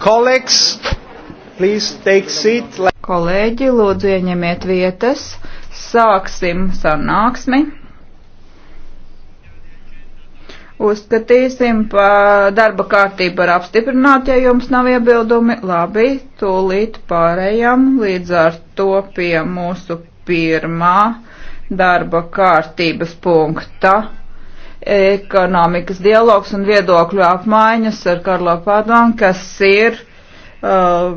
Colleagues, please take seat. Kolēģi, lūdzu ieņemiet vietas. Sāksim sanāksmi. Uzskatīsim pa darba kārtību par apstiprināt, ja jums nav iebildumi. Labi, tūlīt pārējām līdz ar to pie mūsu pirmā darba kārtības punkta ekonomikas dialogs un viedokļu apmaiņas ar Karlo Padonu, kas ir uh,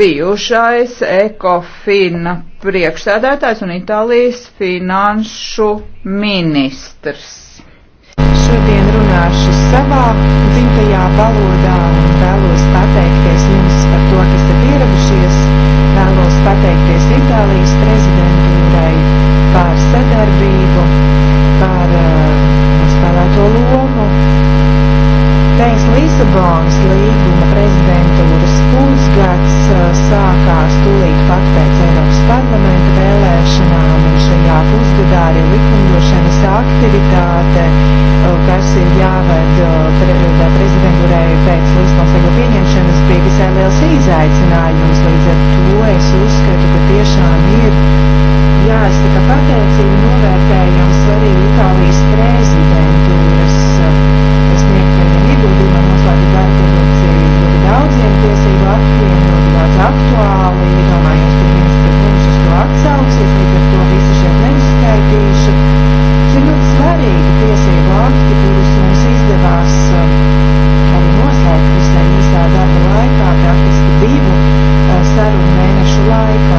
bijušais ekofina priekšsēdētājs un Itālijas finanšu ministrs. Šodien runāšu savā dzimtajā valodā un vēlos pateikties jums par to, kas ir ieradušies. Vēlos pateikties Itālijas prezidentūrai par sadarbību par spēlēto lomu. Pēc Lisabonas līguma prezidentūras pusgads uh, sākās tūlīt pat pēc Eiropas parlamenta vēlēšanām, un šajā pusgadā arī likumdošanas aktivitāte, uh, kas ir jāved uh, pre, prezidentūrai pēc Lisabonas līguma pieņemšanas, bija visai liels izaicinājums. Līdz ar to es uzskatu, ka tiešām ir jāizsaka pateicība novērtējums arī Itālijas prezidentūras eh, sniegtajiem ieguldījumam noslēgt darbu ļoti, ļoti daudziem tiesību aktiem, ļoti daudz aktuāli, iedomājos, ka viens pret mums uz to atsaucies, līdz ar to visu šeit neuzskaitīšu. Šie ļoti svarīgi tiesību akti, kurus mums izdevās eh, arī noslēgt visai īsā darba laikā, praktiski divu eh, sarunu mēnešu laikā.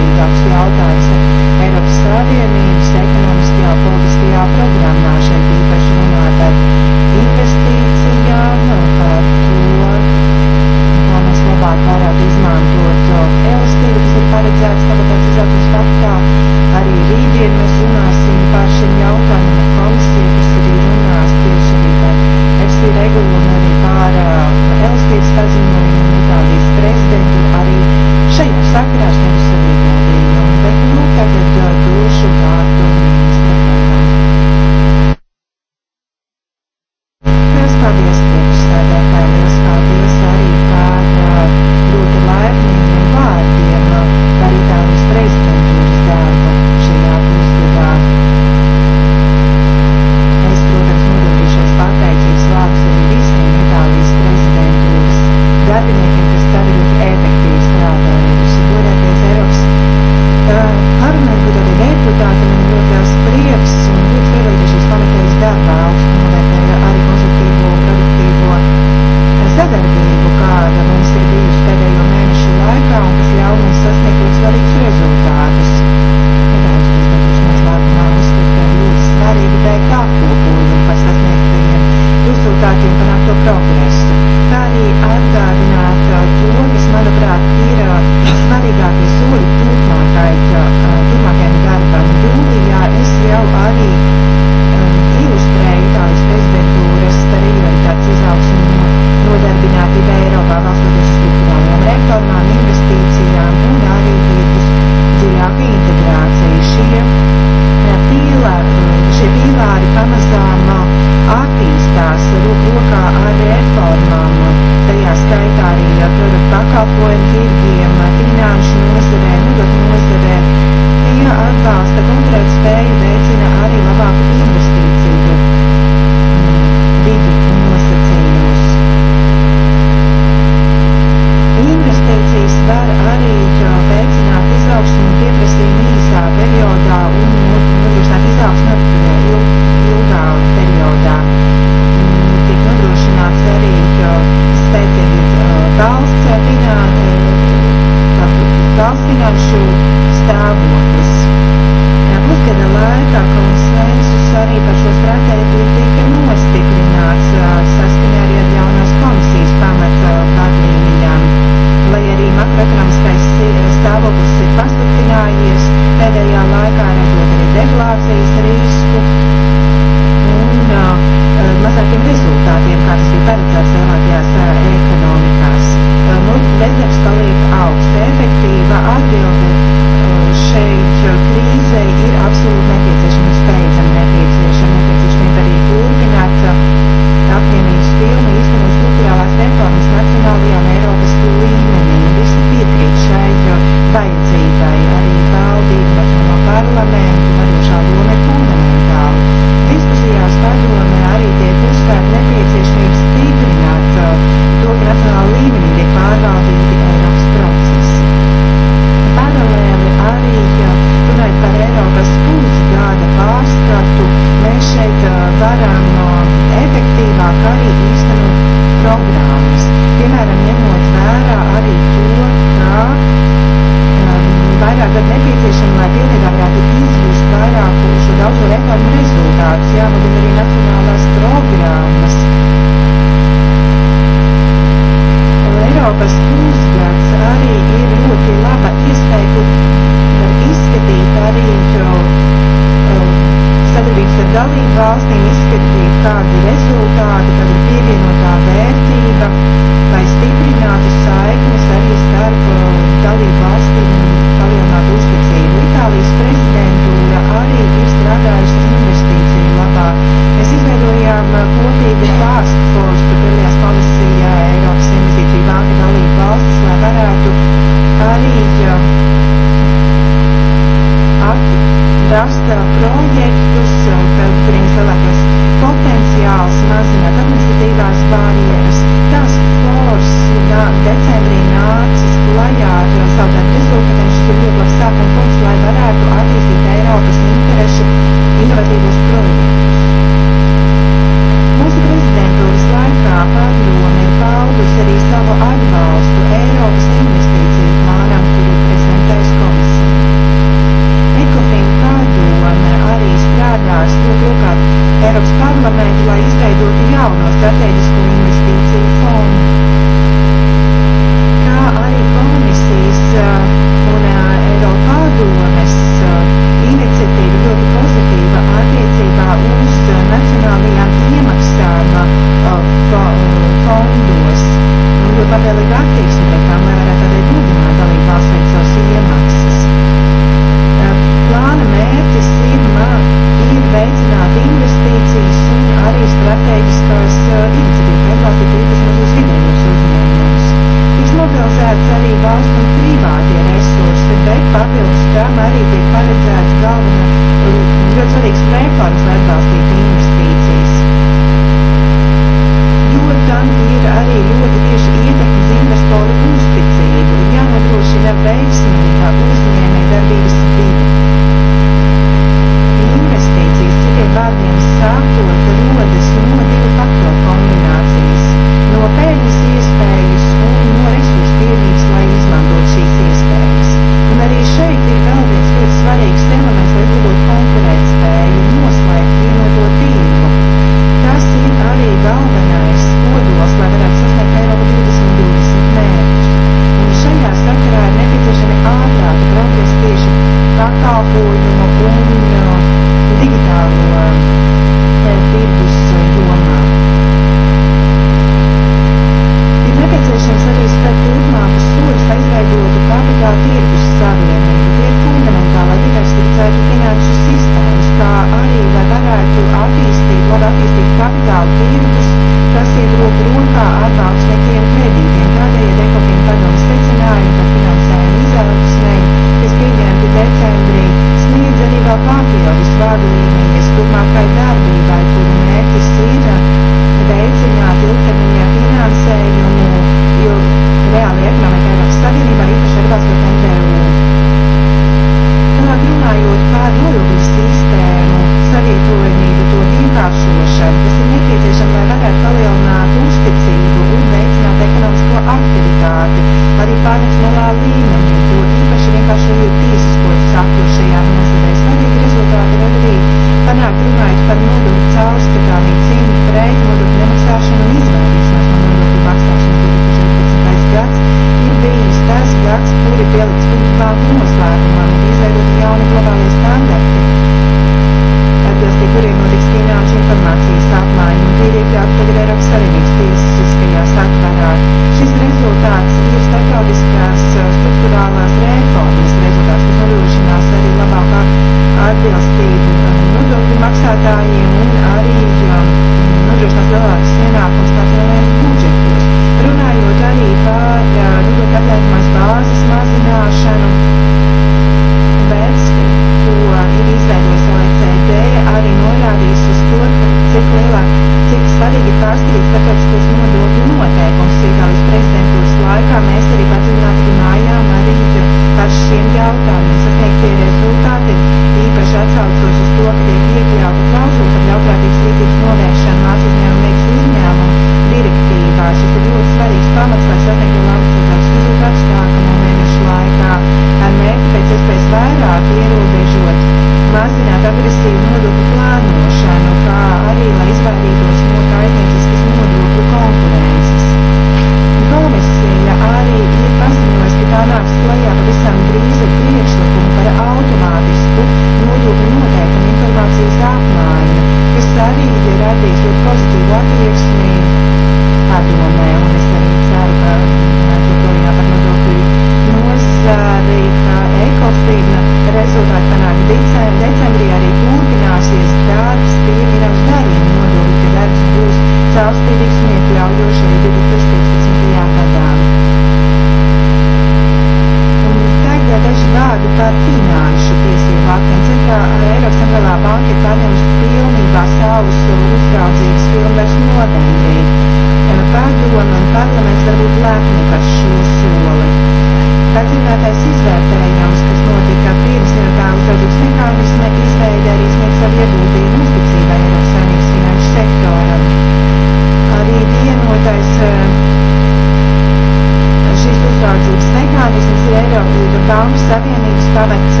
Eiropa būtu Banku Savienības pamats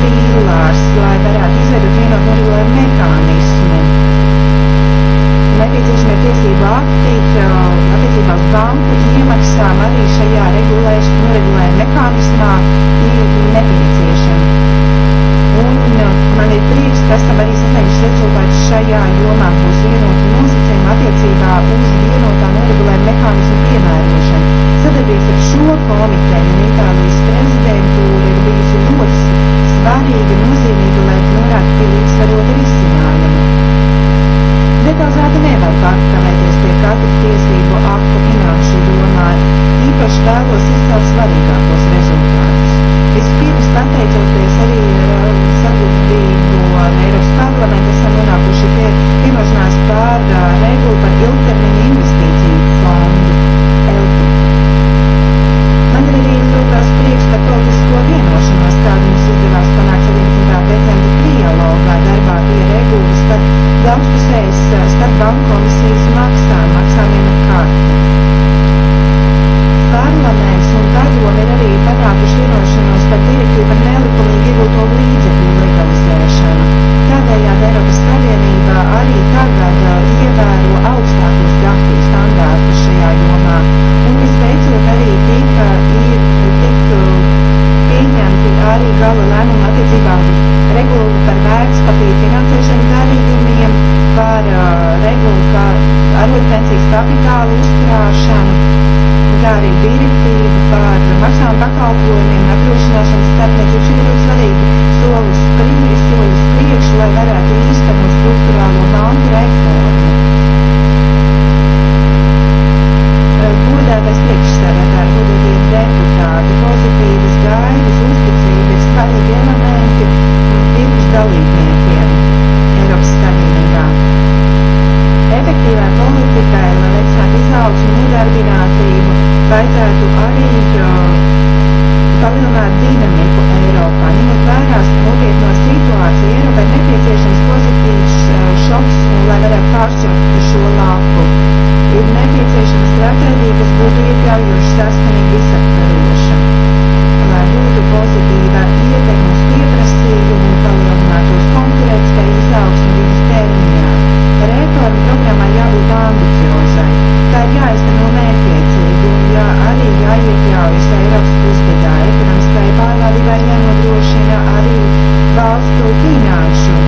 pīlārs, lai varētu izveidot vienotu noregulējumu mehānismu. Nepieciešamie tiesību akti attiecībā uz banku iemaksām arī šajā noregulējuma mehānismā ir nepieciešami. Un man ir prieks, ka esam arī sasnieguši rezultātus šajā jomā. Būs vienoti nosacījumi attiecībā uz vienotā noregulējuma mehānismu piemērošanu Sadarbības ar šo komiteju un Itālijas prezidentūru ir bijusi ļoti svarīga un nozīmīga, lai nonāktu pie līdzsvarota risinājuma. Detalizēti nevar pārkavēties pie katra tiesību akta finanšu jomā, īpaši vēlos izcelt svarīgākos rezultātus. Vispirms pateicoties arī ar um, sadarbību ar Eiropas parlamentu, esam nonākuši pie vienošanās par uh, regulu par ilgtermiņa investīciju pateicīgs par politisko vienošanos, kādu mums izdevās panākt sabiedrībā decembra trialogā darbā pie regulas par daudzpusējas eh, starp banku komisijas maksām, maksājumiem ar karti. Parlaments un padomi ir arī panākuši vienošanos par direktīvu par nelikumīgi iegūto līdzekļu legalizēšanu. Tādējādi Eiropas Savienība arī tagad eh, ievēro augstākos GAFI standārtus šajā jomā. Un visbeidzot arī tika kā arī gala lēmumu attiecībām regulu par vērts papīra finansēšanu darījumiem, par uh, regulu kā arotpensijas kapitālu uzkrāšanu, kā arī direktīvu par maksām pakalpojumiem un apdrošināšanas starpniecību. Šī ir ļoti svarīga solis priekš, solis priekš, lai varētu īstenot struktūrālo banku reformu. Uh, godātais priekšsēdētāji, godīgie deputāti, pozitīvas gaidas, uzticības arī vienamērķi un tirgus dalībniekiem Eiropas Savienībā. Efektīvai politikai, lai veicinātu izaugsmu un iedarbinātību, vajadzētu arī palielināt dinamiku Eiropā. Ņemot vērās nopietno situāciju, Eiropai nepieciešams pozitīvs eh, šoks, lai varētu pāršķirt šo lapu. Ir nepieciešama stratēģija, kas būtu iekļaujoša, saskanīga, visaptvaroša būtu pozitīva ietekme uz pieprasījumu, palielinātos konkurētspēju izaugsmu vidustermiņā. Reformu programmai jābūt ambiciozai, tā ir jāizteno mērķiecīgi un jā, arī jāiekļaujas Eiropas pusgadā ekonomiskajai pārvaldībai jānodrošina arī valstu finanšu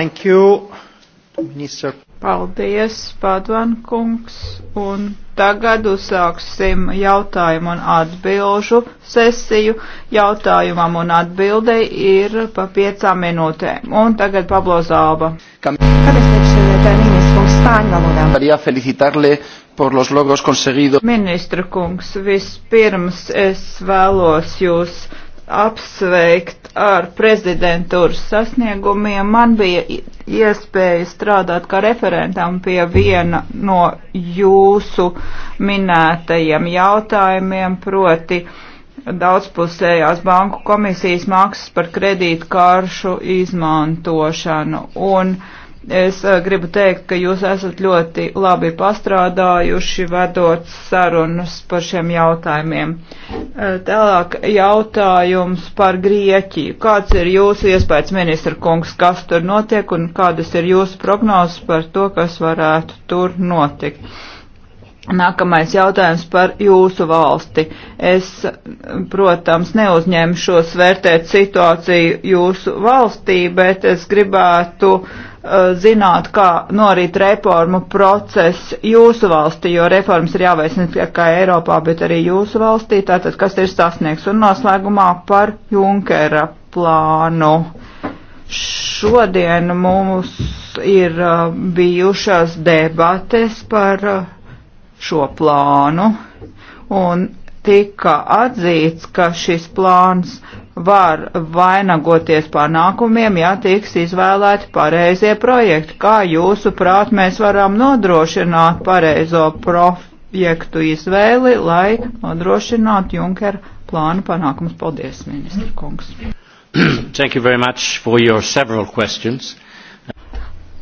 Thank you, minister. Paldies, Padvan kungs. Un tagad uzsāksim jautājumu un atbilžu sesiju. Jautājumam un atbildei ir pa piecām minūtēm. Un tagad Pablo Zāba. Ministra kungs, vispirms es vēlos jūs apsveikt ar prezidentūras sasniegumiem. Man bija iespēja strādāt kā referentam pie viena no jūsu minētajiem jautājumiem, proti daudzpusējās banku komisijas maksas par kredītkāršu izmantošanu. Un, uh, Es eh, gribu teikt, ka jūs esat ļoti labi pastrādājuši, vedot sarunas par šiem jautājumiem. Eh, tālāk jautājums par Grieķiju. Kāds ir jūsu iespējas, ministra kungs, kas tur notiek un kādas ir jūsu prognozes par to, kas varētu tur notikt? Nākamais jautājums par jūsu valsti. Es, protams, neuzņemšos vērtēt situāciju jūsu valstī, bet es gribētu uh, zināt, kā norit reformu process jūsu valstī, jo reformas ir jāveic ne tikai Eiropā, bet arī jūsu valstī. Tātad, kas ir sasniegts un noslēgumā par Junkera plānu. Šodien mums ir uh, bijušas debates par uh, šo plānu un tika atzīts, ka šis plāns var vainagoties panākumiem, ja tiks izvēlēti pareizie projekti. Kā jūsu prāt mēs varam nodrošināt pareizo projektu izvēli, lai nodrošinātu Junker plānu panākumus? Paldies, ministra kungs. Thank you very much for your several questions. Uh,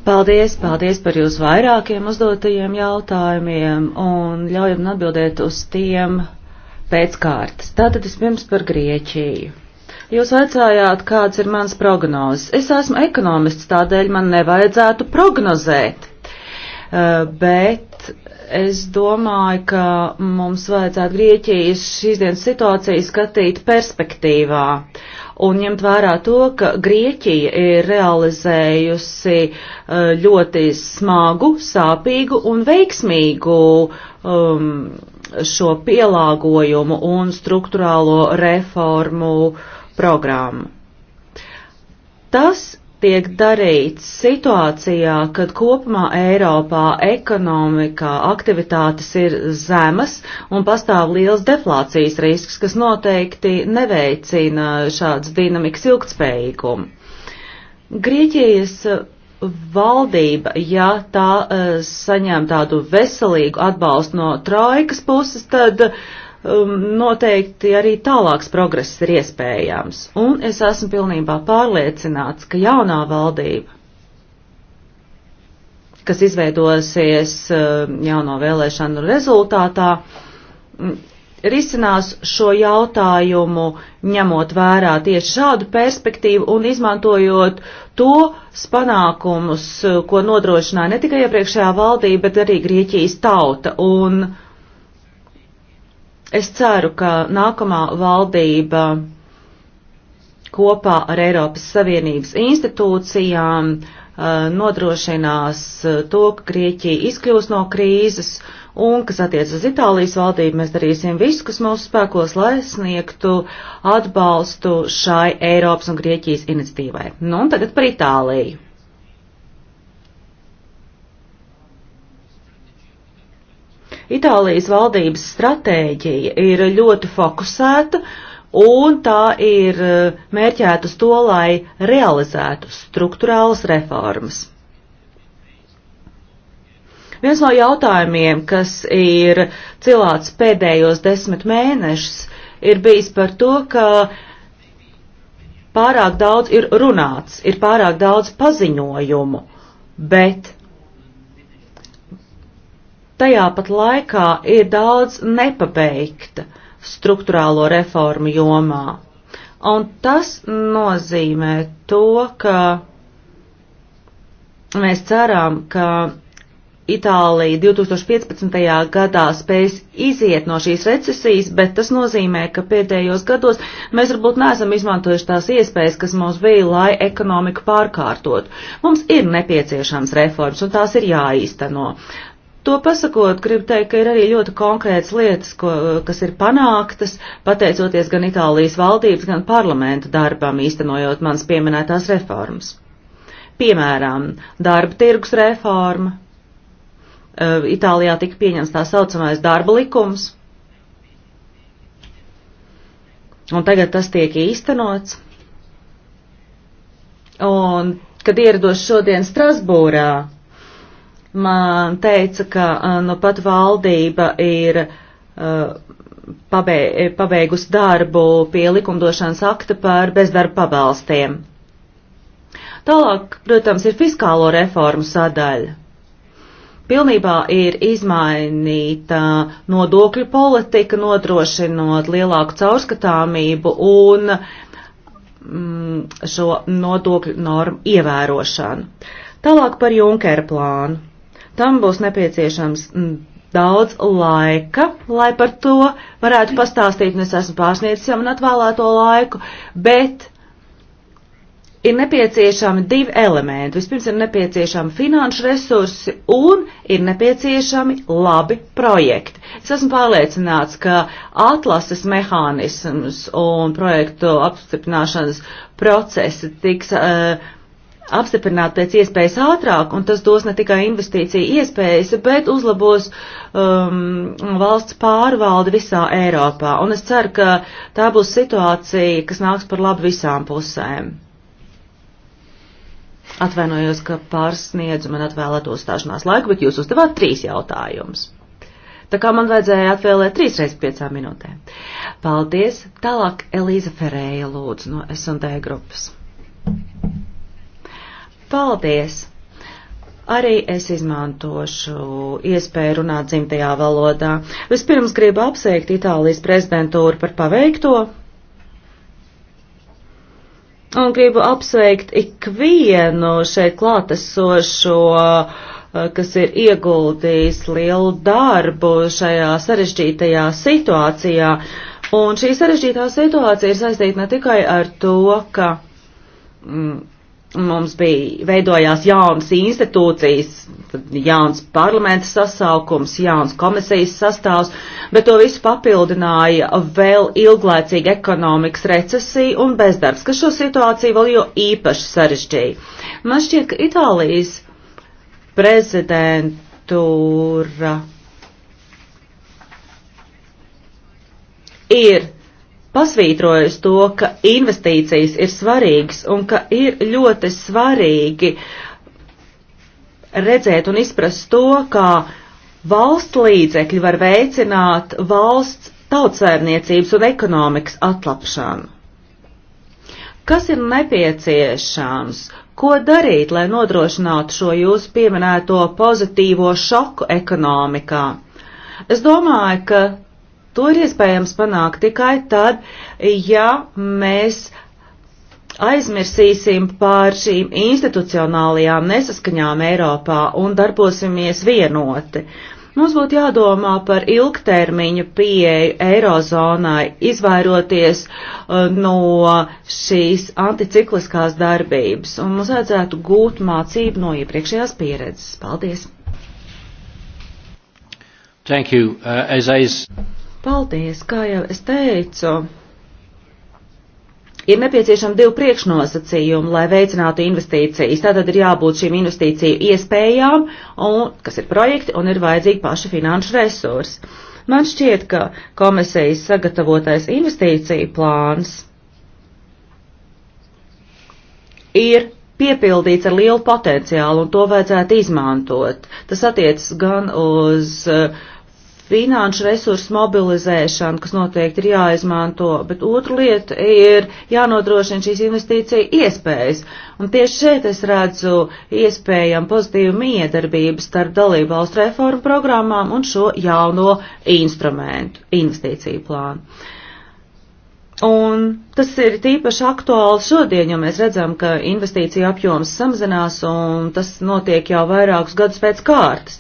Paldies, paldies par jūsu vairākiem uzdotajiem jautājumiem un ļaujam atbildēt uz tiem pēc kārtas. Tātad vispirms par Grieķiju. Jūs vaicājāt, kāds ir mans prognozes. Es esmu ekonomists, tādēļ man nevajadzētu prognozēt. Uh, bet Es domāju, ka mums vajadzētu Grieķijas šīsdienas situāciju skatīt perspektīvā un ņemt vērā to, ka Grieķija ir realizējusi eh, ļoti smagu, sāpīgu un veiksmīgu um, šo pielāgojumu un struktūrālo reformu programmu. Tas tiek darīts situācijā, kad kopumā Eiropā ekonomikā aktivitātes ir zemas un pastāv liels deflācijas risks, kas noteikti neveicina šāds dinamikas ilgtspējīgumu. Grieķijas valdība, ja tā eh, saņem tādu veselīgu atbalstu no trojkas puses, tad uh, um, noteikti arī tālāks progress ir iespējams. Un es esmu pilnībā pārliecināts, ka jaunā valdība, kas izveidosies um, jauno vēlēšanu rezultātā, um, risinās šo jautājumu, ņemot vērā tieši šādu perspektīvu un izmantojot to panākumus, uh, ko nodrošināja ne tikai iepriekšējā valdība, bet arī Grieķijas tauta. Un Es ceru, ka nākamā valdība kopā ar Eiropas Savienības institūcijām uh, nodrošinās uh, to, ka Grieķija izkļūs no krīzes un, kas attiec uz Itālijas valdību, mēs darīsim visu, kas mūsu spēkos, lai sniegtu atbalstu šai Eiropas un Grieķijas iniciatīvai. Nu, un tagad par Itāliju. Itālijas valdības stratēģija ir ļoti fokusēta un tā ir eh, mērķēta uz to, lai realizētu struktūrālas reformas. Viens no jautājumiem, kas ir cilāts pēdējos desmit mēnešus, ir bijis par to, ka pārāk daudz ir runāts, ir pārāk daudz paziņojumu, bet tajā pat laikā ir daudz nepabeigta struktūrālo reformu jomā. Un tas nozīmē to, ka mēs ceram, ka Itālija 2015. gadā spēs iziet no šīs recesijas, bet tas nozīmē, ka pēdējos gados mēs varbūt neesam izmantojuši tās iespējas, kas mums bija, lai ekonomiku pārkārtot. Mums ir nepieciešams reformas, un tās ir jāīsteno. To pasakot, gribu teikt, ka ir arī ļoti konkrētas lietas, ko, kas ir panāktas, pateicoties gan Itālijas valdības, gan parlamenta darbam, īstenojot mans pieminētās reformas. Piemēram, darba tirgus reforma, uh, Itālijā tika pieņems tā saucamais darba likums, un tagad tas tiek īstenots. Un, kad ierados šodien Strasbūrā, man teica, ka nu pat valdība ir pabeigusi darbu pie likumdošanas akta par bezdarba pabalstiem. Tālāk, protams, ir fiskālo reformu sadaļa. Pilnībā ir izmainīta nodokļu politika, nodrošinot lielāku caurskatāmību un mm, šo nodokļu normu ievērošanu. Tālāk par Junkera plānu. Tam būs nepieciešams mm, daudz laika, lai par to varētu pastāstīt, un nu, es esmu pārsniedzis jau man atvēlēto laiku, bet ir nepieciešami divi elementi. Vispirms ir nepieciešami finanšu resursi un ir nepieciešami labi projekti. Es esmu pārliecināts, ka atlases mehānisms un projektu apstiprināšanas procesi tiks uh, apstiprināt pēc iespējas ātrāk, un tas dos ne tikai investīciju iespējas, bet uzlabos um, valsts pārvaldi visā Eiropā. Un es ceru, ka tā būs situācija, kas nāks par labu visām pusēm. Atvainojos, ka pārsniedzu man atvēlēto stāšanās laiku, bet jūs uzdevāt trīs jautājumus. Tā kā man vajadzēja atvēlēt trīs reizes piecām minūtēm. Paldies! Tālāk Elīza Ferēja lūdzu no S&D grupas. Paldies! Arī es izmantošu iespēju runāt dzimtajā valodā. Vispirms gribu apsveikt Itālijas prezidentūru par paveikto. Un gribu apsveikt ikvienu šeit klātesošo uh, kas ir ieguldījis lielu darbu šajā sarežģītajā situācijā. Un šī sarežģītā situācija ir saistīta ne tikai ar to, ka mm, mums bija veidojās jaunas institūcijas, jauns parlamenta sasaukums, jauns komisijas sastāvs, bet to visu papildināja vēl ilglaicīga ekonomikas recesija un bezdarbs, kas šo situāciju vēl jo īpaši sarežģīja. Man šķiet, ka Itālijas prezidentūra ir pasvītrojusi to, ka investīcijas ir svarīgas un ka ir ļoti svarīgi redzēt un izprast to, kā valsts līdzekļi var veicināt valsts tautsēmniecības un ekonomikas atlapšanu. Kas ir nepieciešams? Ko darīt, lai nodrošinātu šo jūsu pieminēto pozitīvo šoku ekonomikā? Es domāju, ka To ir iespējams panākt tikai tad, ja mēs aizmirsīsim par šīm institucionālajām nesaskaņām Eiropā un darbosimies vienoti. Mums būtu jādomā par ilgtermiņu pieeju Eirozonai, izvairoties uh, no šīs anticikliskās darbības, un mums vajadzētu gūt mācību no iepriekšējās pieredzes. Paldies! Thank you. Uh, as I... Paldies, kā jau es teicu. Ir nepieciešama divu priekšnosacījumu, lai veicinātu investīcijas. Tātad ir jābūt šīm investīciju iespējām, un, kas ir projekti, un ir vajadzīgi paši finanšu resursi. Man šķiet, ka komisijas sagatavotais investīciju plāns ir piepildīts ar lielu potenciālu, un to vajadzētu izmantot. Tas attiecas gan uz uh, finanšu resursu mobilizēšana, kas noteikti ir jāizmanto, bet otra lieta ir jānodrošina šīs investīcija iespējas. Un tieši šeit es redzu iespējam pozitīvu miedarbību starp dalību valstu reformu programmām un šo jauno instrumentu, investīciju plānu. Un tas ir tīpaši aktuāli šodien, jo mēs redzam, ka investīcija apjoms samazinās un tas notiek jau vairākus gadus pēc kārtas.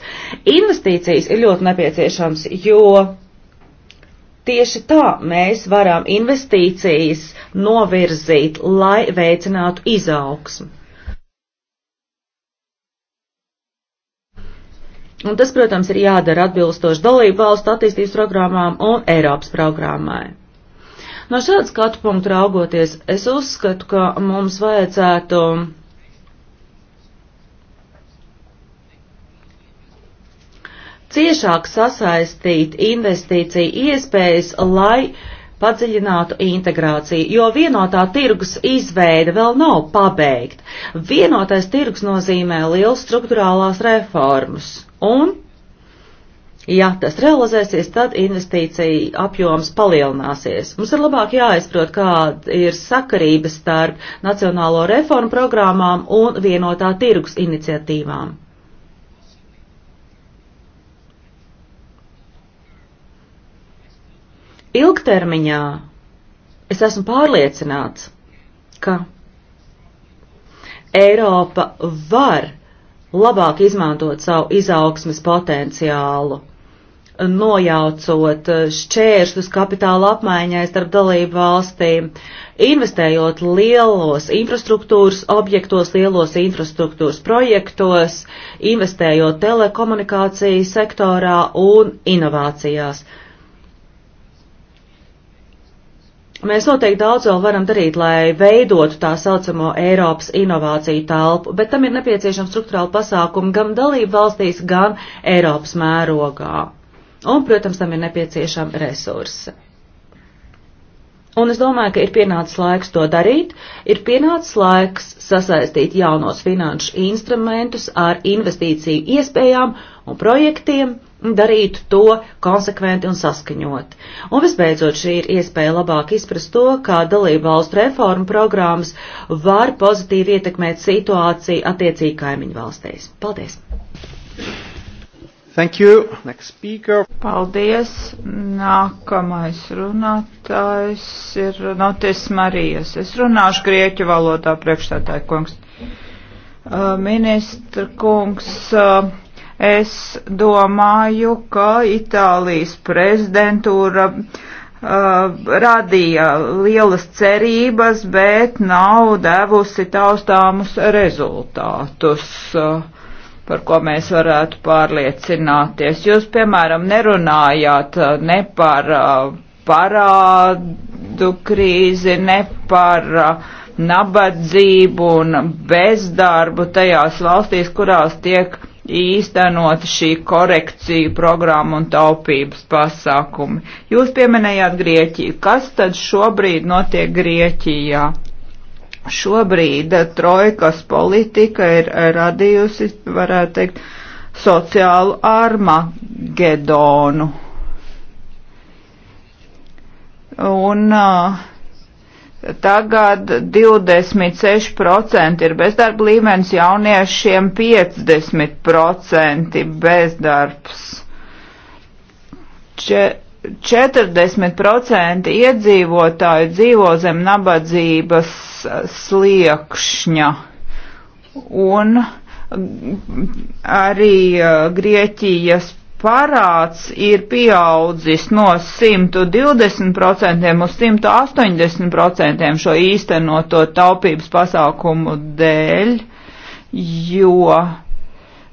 Investīcijas ir ļoti nepieciešams, jo tieši tā mēs varam investīcijas novirzīt, lai veicinātu izaugsmu. Un tas, protams, ir jādara atbilstoši dalību valstu attīstības programmām un Eiropas programmai. No šāda skatu punktu raugoties, es uzskatu, ka mums vajadzētu ciešāk sasaistīt investīciju iespējas, lai padziļinātu integrāciju, jo vienotā tirgus izveida vēl nav pabeigta. Vienotais tirgus nozīmē liels struktūrālās reformas un Ja tas realizēsies, tad investīcija apjoms palielināsies. Mums ir labāk jāizprot, kāda ir sakarība starp nacionālo reformu programmām un vienotā tirgus iniciatīvām. Ilgtermiņā es esmu pārliecināts, ka Eiropa var labāk izmantot savu izaugsmes potenciālu nojaucot šķēršļus kapitāla apmaiņai starp dalību valstīm, investējot lielos infrastruktūras objektos, lielos infrastruktūras projektos, investējot telekomunikāciju sektorā un inovācijās. Mēs noteikti daudz vēl varam darīt, lai veidotu tā saucamo Eiropas inovāciju telpu, bet tam ir nepieciešama struktūrāla pasākuma gan dalību valstīs, gan Eiropas mērogā. Un, protams, tam ir nepieciešama resursa. Un es domāju, ka ir pienācis laiks to darīt, ir pienācis laiks sasaistīt jaunos finanšu instrumentus ar investīciju iespējām un projektiem, darīt to konsekventi un saskaņot. Un visbeidzot, šī ir iespēja labāk izprast to, kā dalība valstu reformu programmas var pozitīvi ietekmēt situāciju attiecīgi kaimiņu valstīs. Paldies! Thank you. Next speaker. Paldies. Nākamais runātājs ir Notis Marijas. Es runāšu grieķu valodā priekšstādāju kungs. Uh, ministra kungs, uh, es domāju, ka Itālijas prezidentūra uh, radīja lielas cerības, bet nav devusi taustāmus rezultātus. Uh, par ko mēs varētu pārliecināties. Jūs, piemēram, nerunājāt uh, ne par uh, parādu krīzi, ne par uh, nabadzību un bezdarbu tajās valstīs, kurās tiek īstenot šī korekcija programma un taupības pasākumi. Jūs pieminējāt Grieķiju. Kas tad šobrīd notiek Grieķijā? Šobrīd eh, trojkas politika ir eh, radījusi, varētu teikt, sociālu armagedonu. Un uh, Tagad 26% ir bezdarba līmenis, jauniešiem 50% bezdarbs. Če, 40% iedzīvotāju dzīvo zem nabadzības eh, sliekšņa. Un mm, arī eh, Grieķijas parāds ir pieaudzis no 120% uz 180% šo īstenoto taupības pasākumu dēļ, jo uh,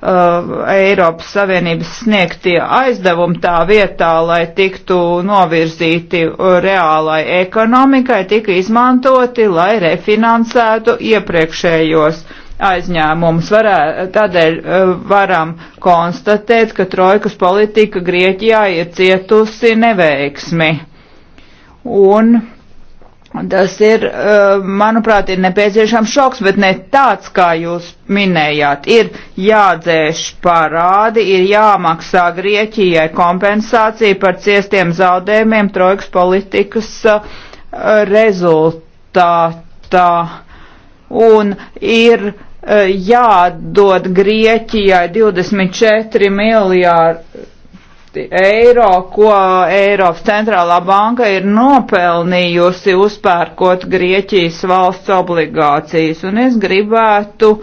uh, Eiropas Savienības sniegtie aizdevumi tā vietā, lai tiktu novirzīti reālai ekonomikai, tika izmantoti, lai refinansētu iepriekšējos aizņēmumus. Varē, tādēļ uh, varam konstatēt, ka trojkas politika Grieķijā ir cietusi neveiksmi. Un Tas ir, eh, manuprāt, ir nepieciešams šoks, bet ne tāds, kā jūs minējāt. Ir jādzēš parādi, ir jāmaksā Grieķijai kompensācija par ciestiem zaudējumiem trojkas politikas eh, rezultātā. Un ir eh, jādod Grieķijai 24 miljārdu miljārdi eiro, ko Eiropas centrālā banka ir nopelnījusi uzpērkot Grieķijas valsts obligācijas. Un es gribētu,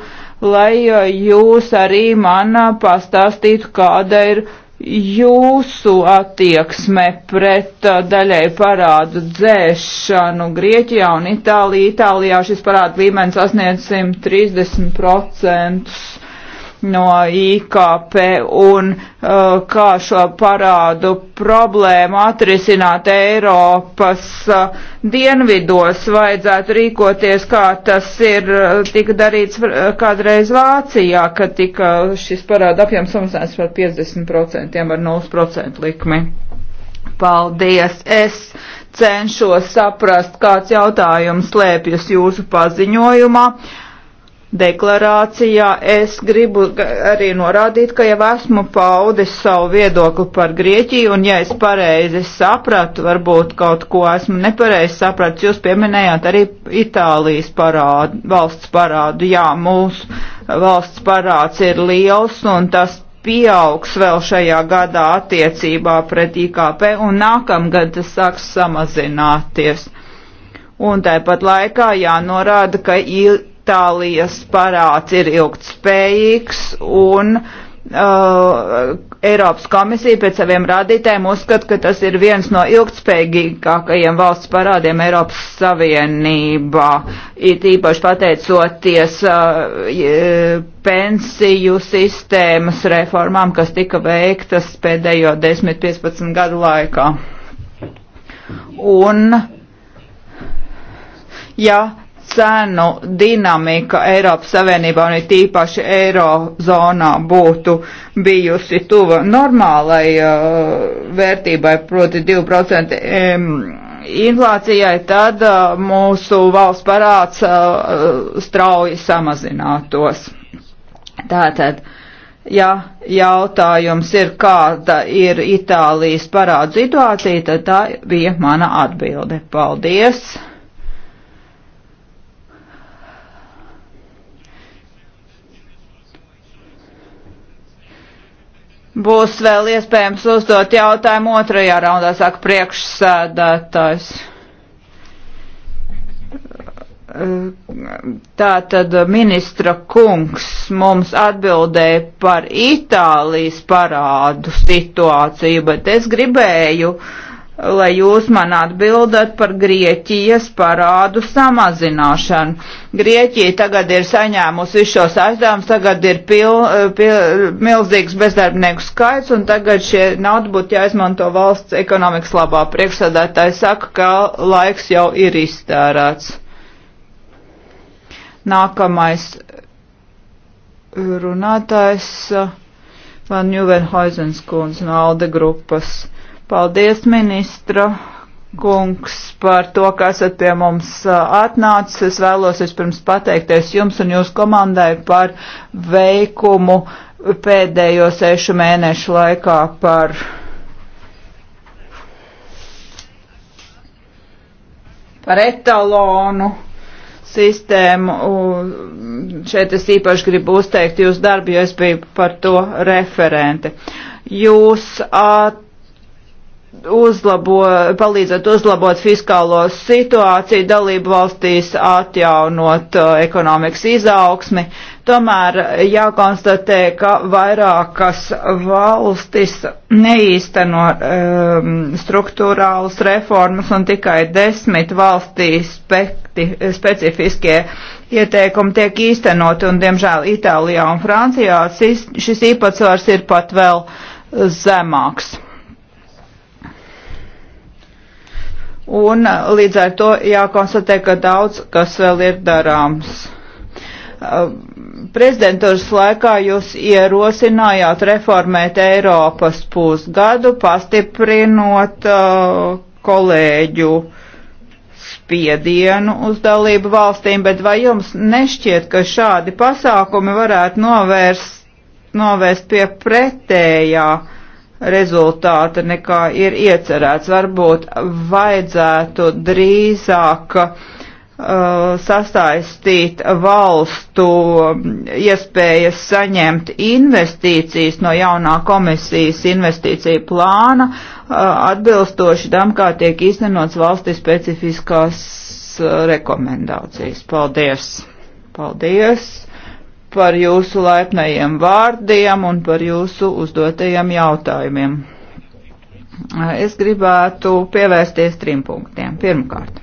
lai jūs arī man pastāstītu, kāda ir jūsu attieksme pret daļai parādu dzēšanu Grieķijā un Itālijā. Itālijā šis parādu līmenis sasniedz 130% no IKP un uh, kā šo parādu problēmu atrisināt Eiropas uh, dienvidos vajadzētu rīkoties, kā tas ir uh, tika darīts uh, kādreiz Vācijā, kad tika šis parāda apjoms samazināts par 50% ar 0% likmi. Paldies! Es cenšos saprast, kāds jautājums slēpjas jūsu paziņojumā. Uh, deklarācijā es gribu arī norādīt, ka jau esmu paudis savu viedokli par Grieķiju, un ja es pareizi sapratu, varbūt kaut ko esmu nepareizi sapratis, jūs pieminējāt arī Itālijas parādu, valsts parādu. Jā, mūsu valsts parāds ir liels, un tas pieaugs vēl šajā gadā attiecībā pret IKP, un nākamgad tas sāks samazināties. Un tāpat laikā jānorāda, ka Itālijas parāds ir ilgtspējīgs un uh, Eiropas komisija pēc saviem rādītēm uzskata, ka tas ir viens no ilgtspējīgākajiem valsts parādiem Eiropas Savienībā, it īpaši pateicoties uh, pensiju sistēmas reformām, kas tika veiktas pēdējo 10-15 gadu laikā. Un, ja cenu dinamika Eiropas Savienībā un it īpaši Eirozonā būtu bijusi tuva normālai uh, vērtībai, proti 2% um, inflācijai, tad uh, mūsu valsts parāds uh, strauji samazinātos. Tātad. Ja jautājums ir, kāda ir Itālijas parāda situācija, tad tā bija mana atbilde. Paldies! Būs vēl iespējams uzdot jautājumu otrajā raundā, saka priekšsēdētājs. Tātad ministra kungs mums atbildēja par Itālijas parādu situāciju, bet es gribēju uh, lai jūs man atbildat par Grieķijas parādu samazināšanu. Grieķija tagad ir saņēmusi visus šos aizdevumus, tagad ir pil, pil, milzīgs bezdarbnieku skaits, un tagad šie naudu būtu jāizmanto valsts ekonomikas labā. Priekšsādātāji saka, ka laiks jau ir iztērēts. Nākamais runātājs uh, Van Juvenhoizens kundze no Alde grupas. Paldies, ministra kungs, par to, ka esat pie mums atnācis. Es vēlos vispirms pateikties jums un jūsu komandai par veikumu pēdējo sešu mēnešu laikā par. Par etalonu sistēmu. Šeit es īpaši gribu uzteikt jūsu darbu, jo es biju par to referente. Jūs at, uzlabo, palīdzot uzlabot fiskālo situāciju, dalību valstīs atjaunot uh, ekonomikas izaugsmi. Tomēr jākonstatē, ka vairākas valstis neīsteno um, struktūrālas reformas un tikai desmit valstīs spekti, specifiskie ieteikumi tiek īstenoti un, diemžēl, Itālijā un Francijā šis, šis īpatsvars ir pat vēl zemāks. Un uh, līdz ar to jākonstatē, ka daudz kas vēl ir darāms. Uh, prezidentūras laikā jūs ierosinājāt reformēt Eiropas pusgadu, pastiprinot uh, kolēģu spiedienu uz dalību valstīm, bet vai jums nešķiet, ka šādi pasākumi varētu novērst, novērst pie pretējā uh, rezultāta nekā ir iecerēts. Varbūt vajadzētu drīzāk uh, sastaistīt valstu um, iespējas saņemt investīcijas no jaunā komisijas investīcija plāna uh, atbilstoši tam, kā tiek īstenots valsti specifiskās uh, rekomendācijas. Paldies! Paldies! par jūsu laipnajiem vārdiem un par jūsu uzdotajiem jautājumiem. Es gribētu pievērsties trim punktiem. Pirmkārt,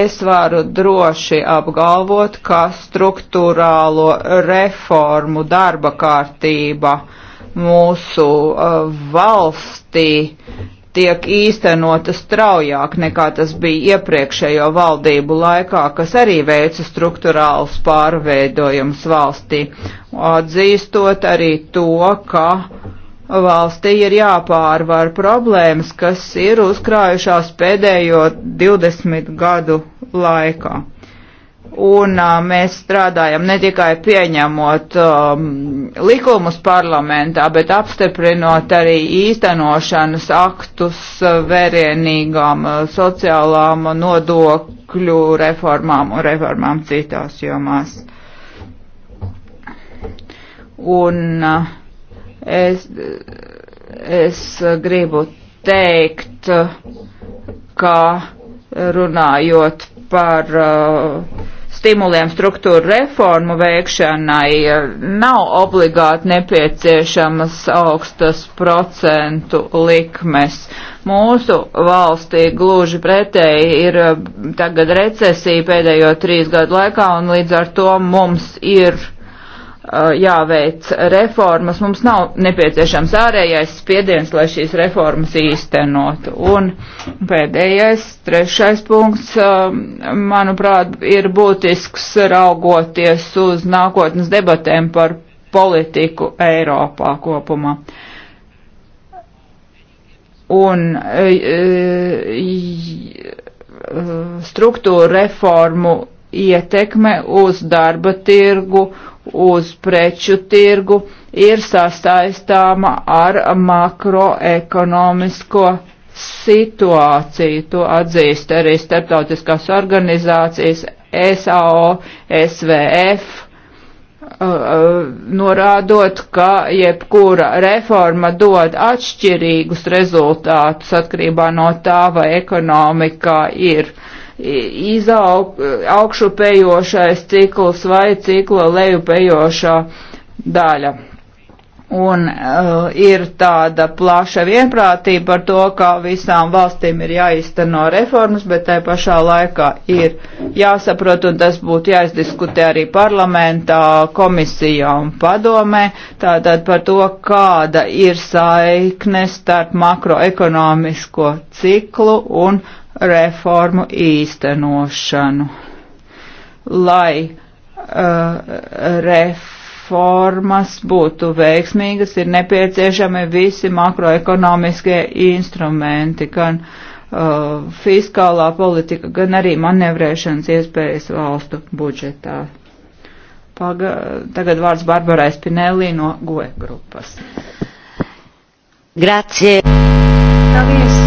es varu droši apgalvot, ka struktūrālo reformu darba kārtība mūsu uh, valstī tiek īstenota straujāk nekā tas bija iepriekšējo valdību laikā, kas arī veica struktūrāls pārveidojums valstī, atzīstot arī to, ka valstī ir jāpārvar problēmas, kas ir uzkrājušās pēdējo 20 gadu laikā. Un a, mēs strādājam ne tikai pieņemot um, likumus parlamentā, bet apstiprinot arī īstenošanas aktus vērienīgām sociālām nodokļu reformām un reformām citās jomās. Un a, es, es gribu teikt, ka runājot par uh, stimuliem struktūra reformu veikšanai eh, nav obligāti nepieciešamas augstas procentu likmes. Mūsu valstī gluži pretēji ir eh, tagad recesija pēdējo trīs gadu laikā un līdz ar to mums ir Eh, jāveic reformas, mums nav nepieciešams ārējais spiediens, lai šīs reformas īstenotu. Un pēdējais, trešais punkts, eh, manuprāt, ir būtisks raugoties uz nākotnes debatēm par politiku Eiropā kopumā. Un eh, struktūra reformu ietekme uz darba tirgu uz preču tirgu ir sastaistāma ar makroekonomisko situāciju. To atzīst arī starptautiskās organizācijas SAO, SVF, uh, uh, norādot, ka jebkura reforma dod atšķirīgus rezultātus atkarībā no tā, vai ekonomikā ir uh, izaug, augšupējošais cikls vai cikla lejupējošā daļa. Un uh, ir tāda plaša vienprātība par to, ka visām valstīm ir jāizteno reformas, bet tai pašā laikā ir jāsaprot, un tas būtu jāizdiskutē arī parlamentā, komisijā un padomē, tātad par to, kāda ir saikne starp makroekonomisko ciklu un uh, reformu īstenošanu, lai uh, reformas būtu veiksmīgas, ir nepieciešami visi makroekonomiskie instrumenti, gan uh, fiskālā politika, gan arī manevrēšanas iespējas valstu budžetā. Paga, tagad vārds Barbarai Spinelli no GOE grupas. Grazie. Paldies.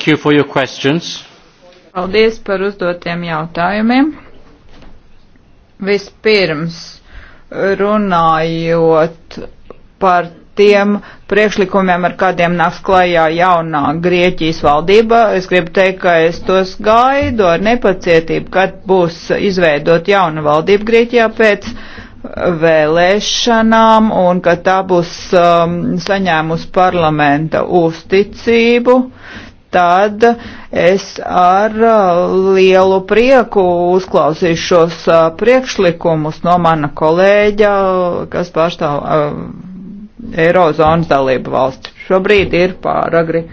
Thank you for your questions. Paldies par uzdotiem jautājumiem. Vispirms runājot par tiem priekšlikumiem, ar kādiem nāks klajā jaunā Grieķijas valdība. Es gribu teikt, ka es tos gaidu ar nepacietību, kad būs izveidot jauna valdība Grieķijā pēc vēlēšanām un ka tā būs um, saņēmusi parlamenta uzticību. Uh, tad es ar uh, lielu prieku uzklausīšu šos uh, priekšlikumus no mana kolēģa, kas pārstāv uh, Eirozonas dalību valsts. Šobrīd ir pāragri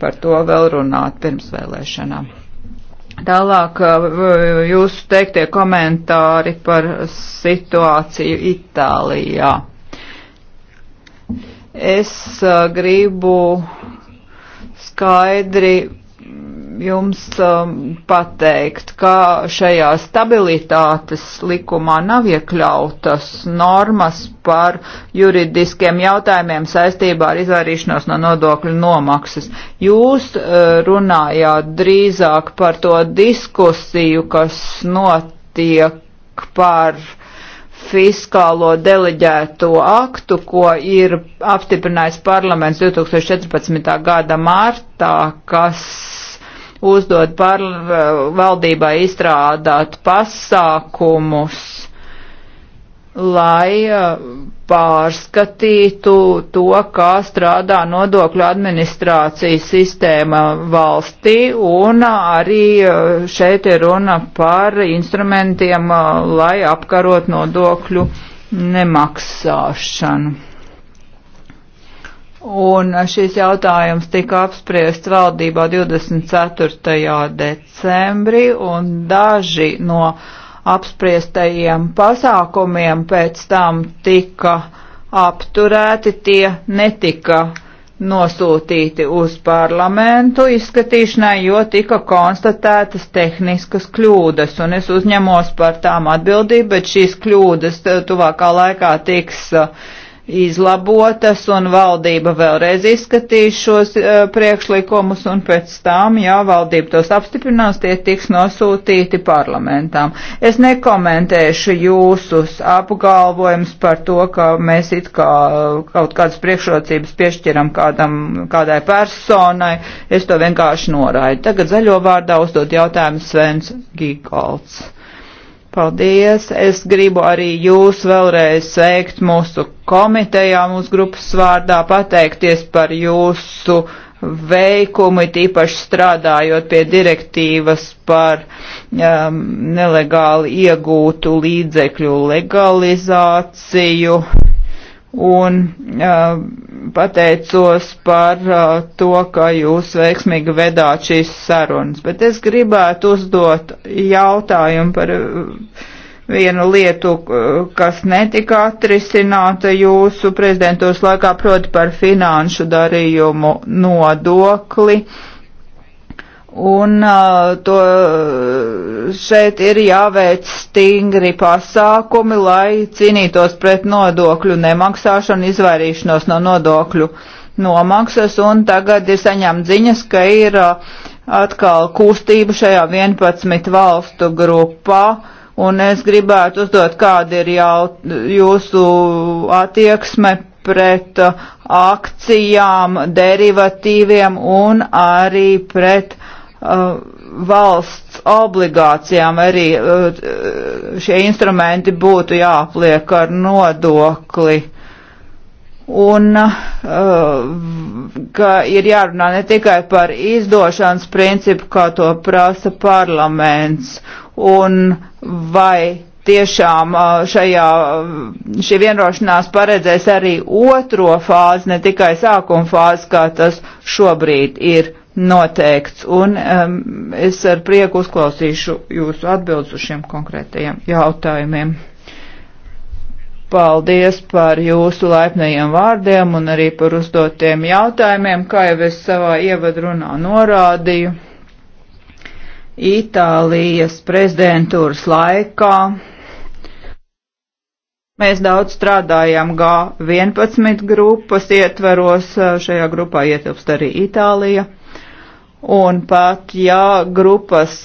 par to vēl runāt pirms vēlēšanām. Tālāk jūsu teiktie komentāri par situāciju Itālijā. Es gribu skaidri jums um, pateikt, ka šajā stabilitātes likumā nav iekļautas normas par juridiskiem jautājumiem saistībā ar izvairīšanos no nodokļu nomaksas. Jūs uh, runājāt drīzāk par to diskusiju, kas notiek par fiskālo deleģēto aktu, ko ir apstiprinājis parlaments 2014. gada martā, kas uzdod par, valdībai izstrādāt pasākumus, lai eh, pārskatītu to, kā strādā nodokļu administrācijas sistēma valstī, un arī e, šeit ir runa par instrumentiem, e, lai apkarot nodokļu nemaksāšanu. Un šis jautājums tika apspriests valdībā 24. decembrī, un daži no uh, apspriestajiem pasākumiem pēc tam tika apturēti, tie netika nosūtīti uz parlamentu izskatīšanai, jo tika konstatētas tehniskas kļūdas, un es uzņemos par tām atbildību, bet šīs kļūdas tuvākā laikā tiks uh, izlabotas un valdība vēlreiz izskatīs šos uh, priekšlikumus un pēc tam, ja valdība tos apstiprinās, tie tiks nosūtīti parlamentām. Es nekomentēšu jūsus apgalvojums par to, ka mēs it kā uh, kaut kādas priekšrocības piešķiram kādam, kādai personai. Es to vienkārši noraidu. Tagad zaļo vārdā uzdot jautājumu Svens Gīkolts. Paldies! Es gribu arī jūs vēlreiz sveikt mūsu komitejā, mūsu grupas vārdā, pateikties par jūsu veikumu, tīpaši strādājot pie direktīvas par um, nelegāli iegūtu līdzekļu legalizāciju. Un um, pateicos par uh, to, ka jūs veiksmīgi vedāt šīs sarunas, bet es gribētu uzdot jautājumu par uh, vienu lietu, uh, kas netika atrisināta jūsu prezidentūras laikā, proti par finanšu darījumu nodokli. Uh, Un to šeit ir jāveic stingri pasākumi, lai cīnītos pret nodokļu nemaksāšanu, izvairīšanos no nodokļu nomaksas. Un tagad ir saņemt ziņas, ka ir atkal kustība šajā 11 valstu grupā. Un es gribētu uzdot, kāda ir jaut, jūsu attieksme pret akcijām, derivatīviem un arī pret uh, Uh, valsts obligācijām arī uh, šie instrumenti būtu jāpliek ar nodokli. Un uh, ka ir jārunā ne tikai par izdošanas principu, kā to prasa parlaments, un vai tiešām šajā, šī vienrošanās paredzēs arī otro fāzi, ne tikai sākuma fāzi, kā tas šobrīd ir noteikts, un um, es ar prieku uzklausīšu jūsu atbildes uz šiem konkrētajiem jautājumiem. Paldies par jūsu laipnajiem vārdiem un arī par uzdotiem jautājumiem, kā jau es savā ievadrunā norādīju. Itālijas prezidentūras laikā Mēs daudz strādājam G11 grupas ietveros, šajā grupā ietilpst arī Itālija. Un pat, ja grupas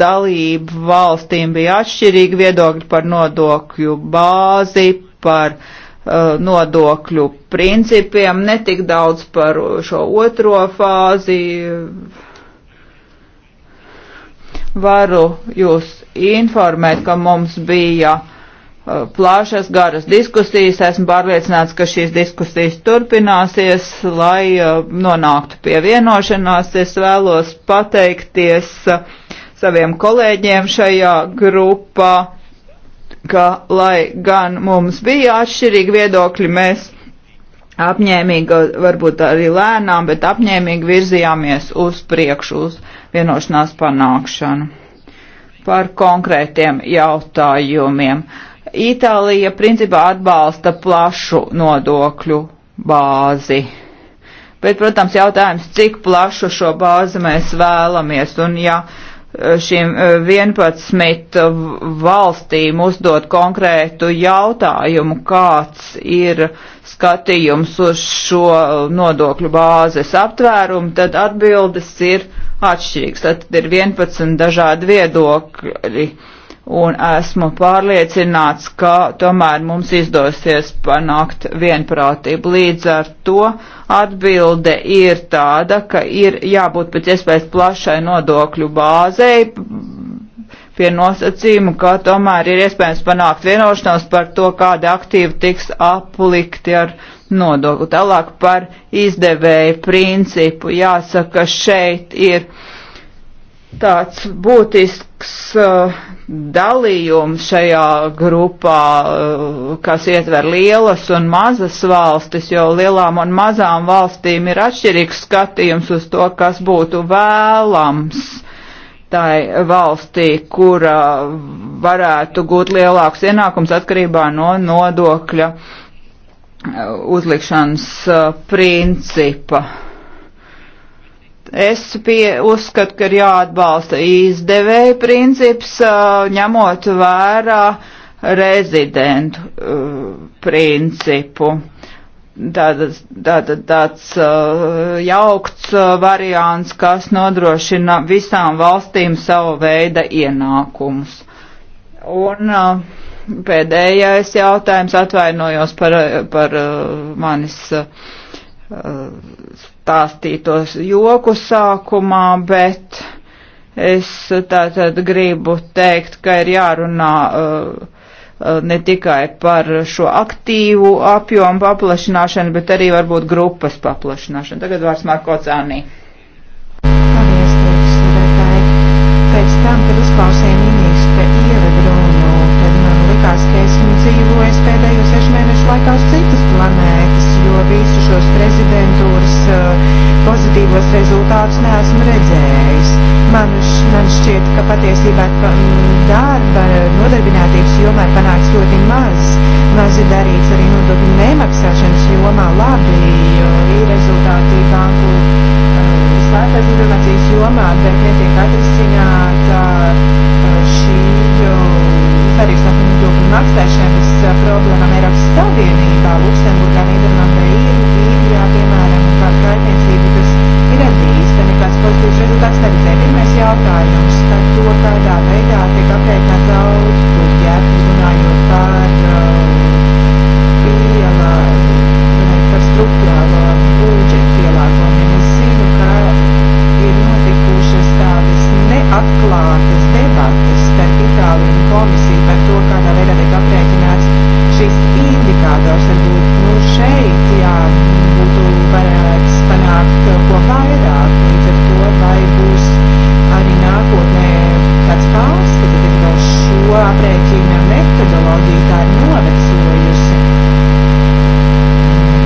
dalību valstīm bija atšķirīgi viedokļi par nodokļu bāzi, par uh, nodokļu principiem, netik daudz par šo otro fāzi, varu jūs informēt, ka mums bija uh, plašas, garas diskusijas. Esmu pārliecināts, ka šīs diskusijas turpināsies, lai uh, nonāktu pie vienošanās. Es vēlos pateikties uh, saviem kolēģiem šajā grupā, ka lai gan mums bija atšķirīgi viedokļi, mēs apņēmīgi, varbūt arī lēnām, bet apņēmīgi virzījāmies uz priekšu, uz vienošanās panākšanu par konkrētiem jautājumiem. Uh, Itālija principā atbalsta plašu nodokļu bāzi. Bet, protams, jautājums, cik plašu šo bāzi mēs vēlamies. Un, ja, e, šīm 11 e, valstīm uzdot konkrētu jautājumu, kāds ir skatījums uz šo nodokļu bāzes aptvērumu, tad atbildes ir atšķirīgs. Tad ir 11 dažādi viedokļi. Uh, un esmu pārliecināts, ka tomēr mums izdosies panākt vienprātību. Līdz ar to atbilde ir tāda, ka ir jābūt pēc iespējas plašai nodokļu bāzei pie nosacījumu, ka tomēr ir iespējams panākt vienošanos par to, kāda aktīva tiks aplikti ar nodokli. Tālāk par izdevēju principu jāsaka, šeit ir tāds būtisks lielāks eh, dalījums šajā grupā, eh, kas ietver lielas un mazas valstis, jo lielām un mazām valstīm ir atšķirīgs skatījums uz to, kas būtu vēlams tai valstī, kura varētu gūt lielāks ienākums atkarībā no nodokļa eh, uzlikšanas principa Es pie, uzskatu, ka ir jāatbalsta izdevēja princips, uh, ņemot vērā rezidentu uh, principu. Tātad tā, tāds uh, jaukts variants, kas nodrošina visām valstīm savu veidu ienākumus. Un pēdējais jautājums atvainojos par, par manis stāstītos joku sākumā, bet es tātad gribu teikt, ka ir jārunā uh, uh, ne tikai par šo aktīvu apjomu paplašināšanu, bet arī varbūt grupas paplašināšanu. Tagad vārds Marko Cānī. Paldies, priekšsēdētāji. Pēc tam, kad uzklausīju ministra ievadrunu, tad man likās, ka esmu dzīvojis pēdējo sešu mēnešu laikā uz citas planētas visu šos prezidentūras eh, pozitīvos rezultātus neesmu redzējis. Man, man šķiet, ka patiesībā mm, darba eh, nodarbinātības jomā ir panāks ļoti maz. Maz ir darīts arī nodokļu nemaksāšanas jomā labi, jo ir rezultāti banku eh, slēpēs informācijas jomā, bet netiek atrisināta šī jo svarīgs tātad nodokļu maksāšanas eh, problēmām Eiropas Savienībā, Luksemburgā, Nīderlandē, Īrijā, piemēram, kā kaitniecība, kas ir atbīsta, nekāds pozitīvs rezultāts neredzēja. Pirmais jautājums par to, kādā veidā tiek aprēķināts daudz, kur jēt, runājot par uh, šis indikators varbūt nu, šeit jā, būtu varēts panākt ko vairāk, līdz ar to vai būs arī nākotnē kāds pārskats attiecībā uz šo aprēķina metodoloģiju, tā ir novecojusi.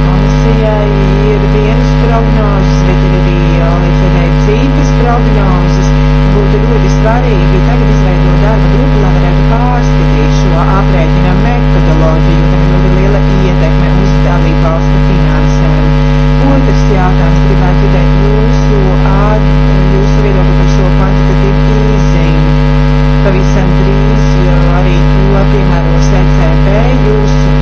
Komisijai ir vienas prognozes, bet ir arī līdz citas prognozes. Būtu ļoti svarīgi tagad izvēlēt jo darba grupā varētu pārskatīt šo aprēķina metodoloģiju, tam nu ir ļoti liela ietekme uz dalību valstu finansēm. Otrs jautājums gribētu dzirdēt jūsu, ad, jūsu viedokli par šo kvantitatīvu īziņu. Pavisam drīz arī to piemēros ECB jūsu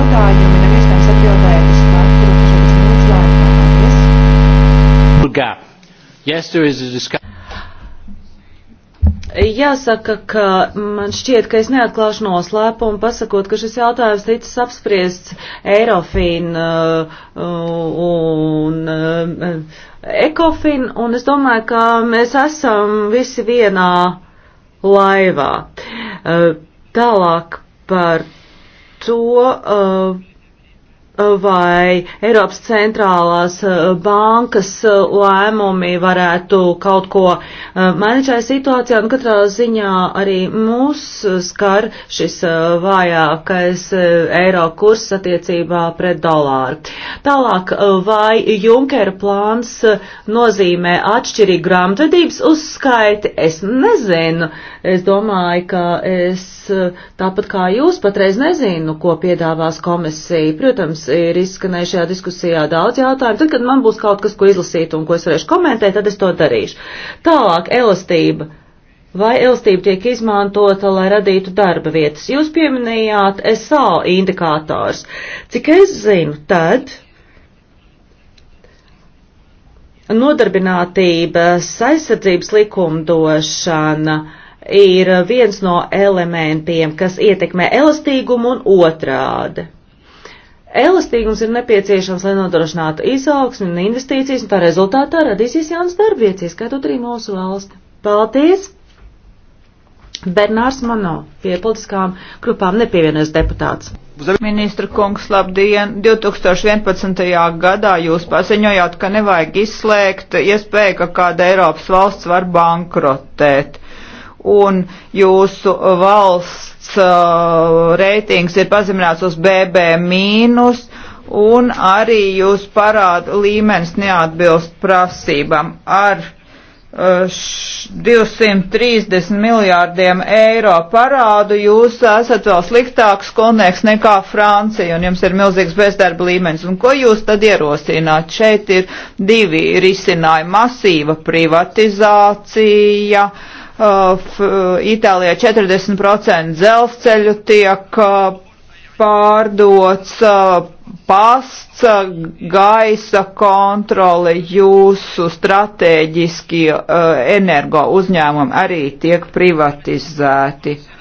jautājumi nav iespējams atbildēt uz laiku 15 minūtes laikā. Paldies! Yes, there is a discussion. Jāsaka, ka man šķiet, ka es neatklāšu noslēpumu, pasakot, ka šis jautājums ticis apspriests Eirofin uh, un uh, Ekofin, un es domāju, ka mēs esam visi vienā laivā. Uh, tālāk par to, uh, vai Eiropas centrālās uh, bankas uh, lēmumi varētu kaut ko mainīt šajā situācijā, un nu, katrā ziņā arī mūs skar šis vājākais eiro kurs attiecībā pret dolāru. Tālāk, vai Junkera plāns nozīmē atšķirīgu grāmatvedības uzskaiti, es nezinu. Es domāju, ka es eh, tāpat kā jūs patreiz nezinu, ko piedāvās komisija. Protams, ir izskanējušajā diskusijā daudz jautājumu. Tad, kad man būs kaut kas, ko izlasīt un ko es varēšu komentēt, tad es to darīšu. Tālāk, elastība. Vai elastība tiek izmantota, lai radītu darba vietas? Jūs pieminējāt SAO indikātors. Cik es zinu, tad nodarbinātības aizsardzības likumdošana uh, ir viens no elementiem, kas ietekmē elastīgumu un otrādi. Elastīgums ir nepieciešams, lai nodrošinātu izaugsmi un investīcijas, un tā rezultātā radīsies jaunas darbvietas, ieskaitot arī mūsu valsti. Paldies! Bernārs Mano pie politiskām grupām nepievienojas deputāts. Ministra kungs, labdien! 2011. gadā jūs paziņojāt, ka nevajag izslēgt iespēju, ka kāda Eiropas valsts var bankrotēt un jūsu valsts uh, reitings ir pazemināts uz BB mīnus, un arī jūs parāda līmenis neatbilst prasībām ar uh, 230 miljārdiem eiro parādu, jūs esat vēl sliktāks koneks nekā Francija, un jums ir milzīgs bezdarba līmenis. Un ko jūs tad ierosināt? Šeit ir divi risinājumi - masīva privatizācija, uh, Uh, uh, Itālijā 40% dzelzceļu tiek uh, pārdots, pasts, gaisa kontrole, jūsu stratēģiskie energo uzņēmumi arī tiek privatizēti. Uh,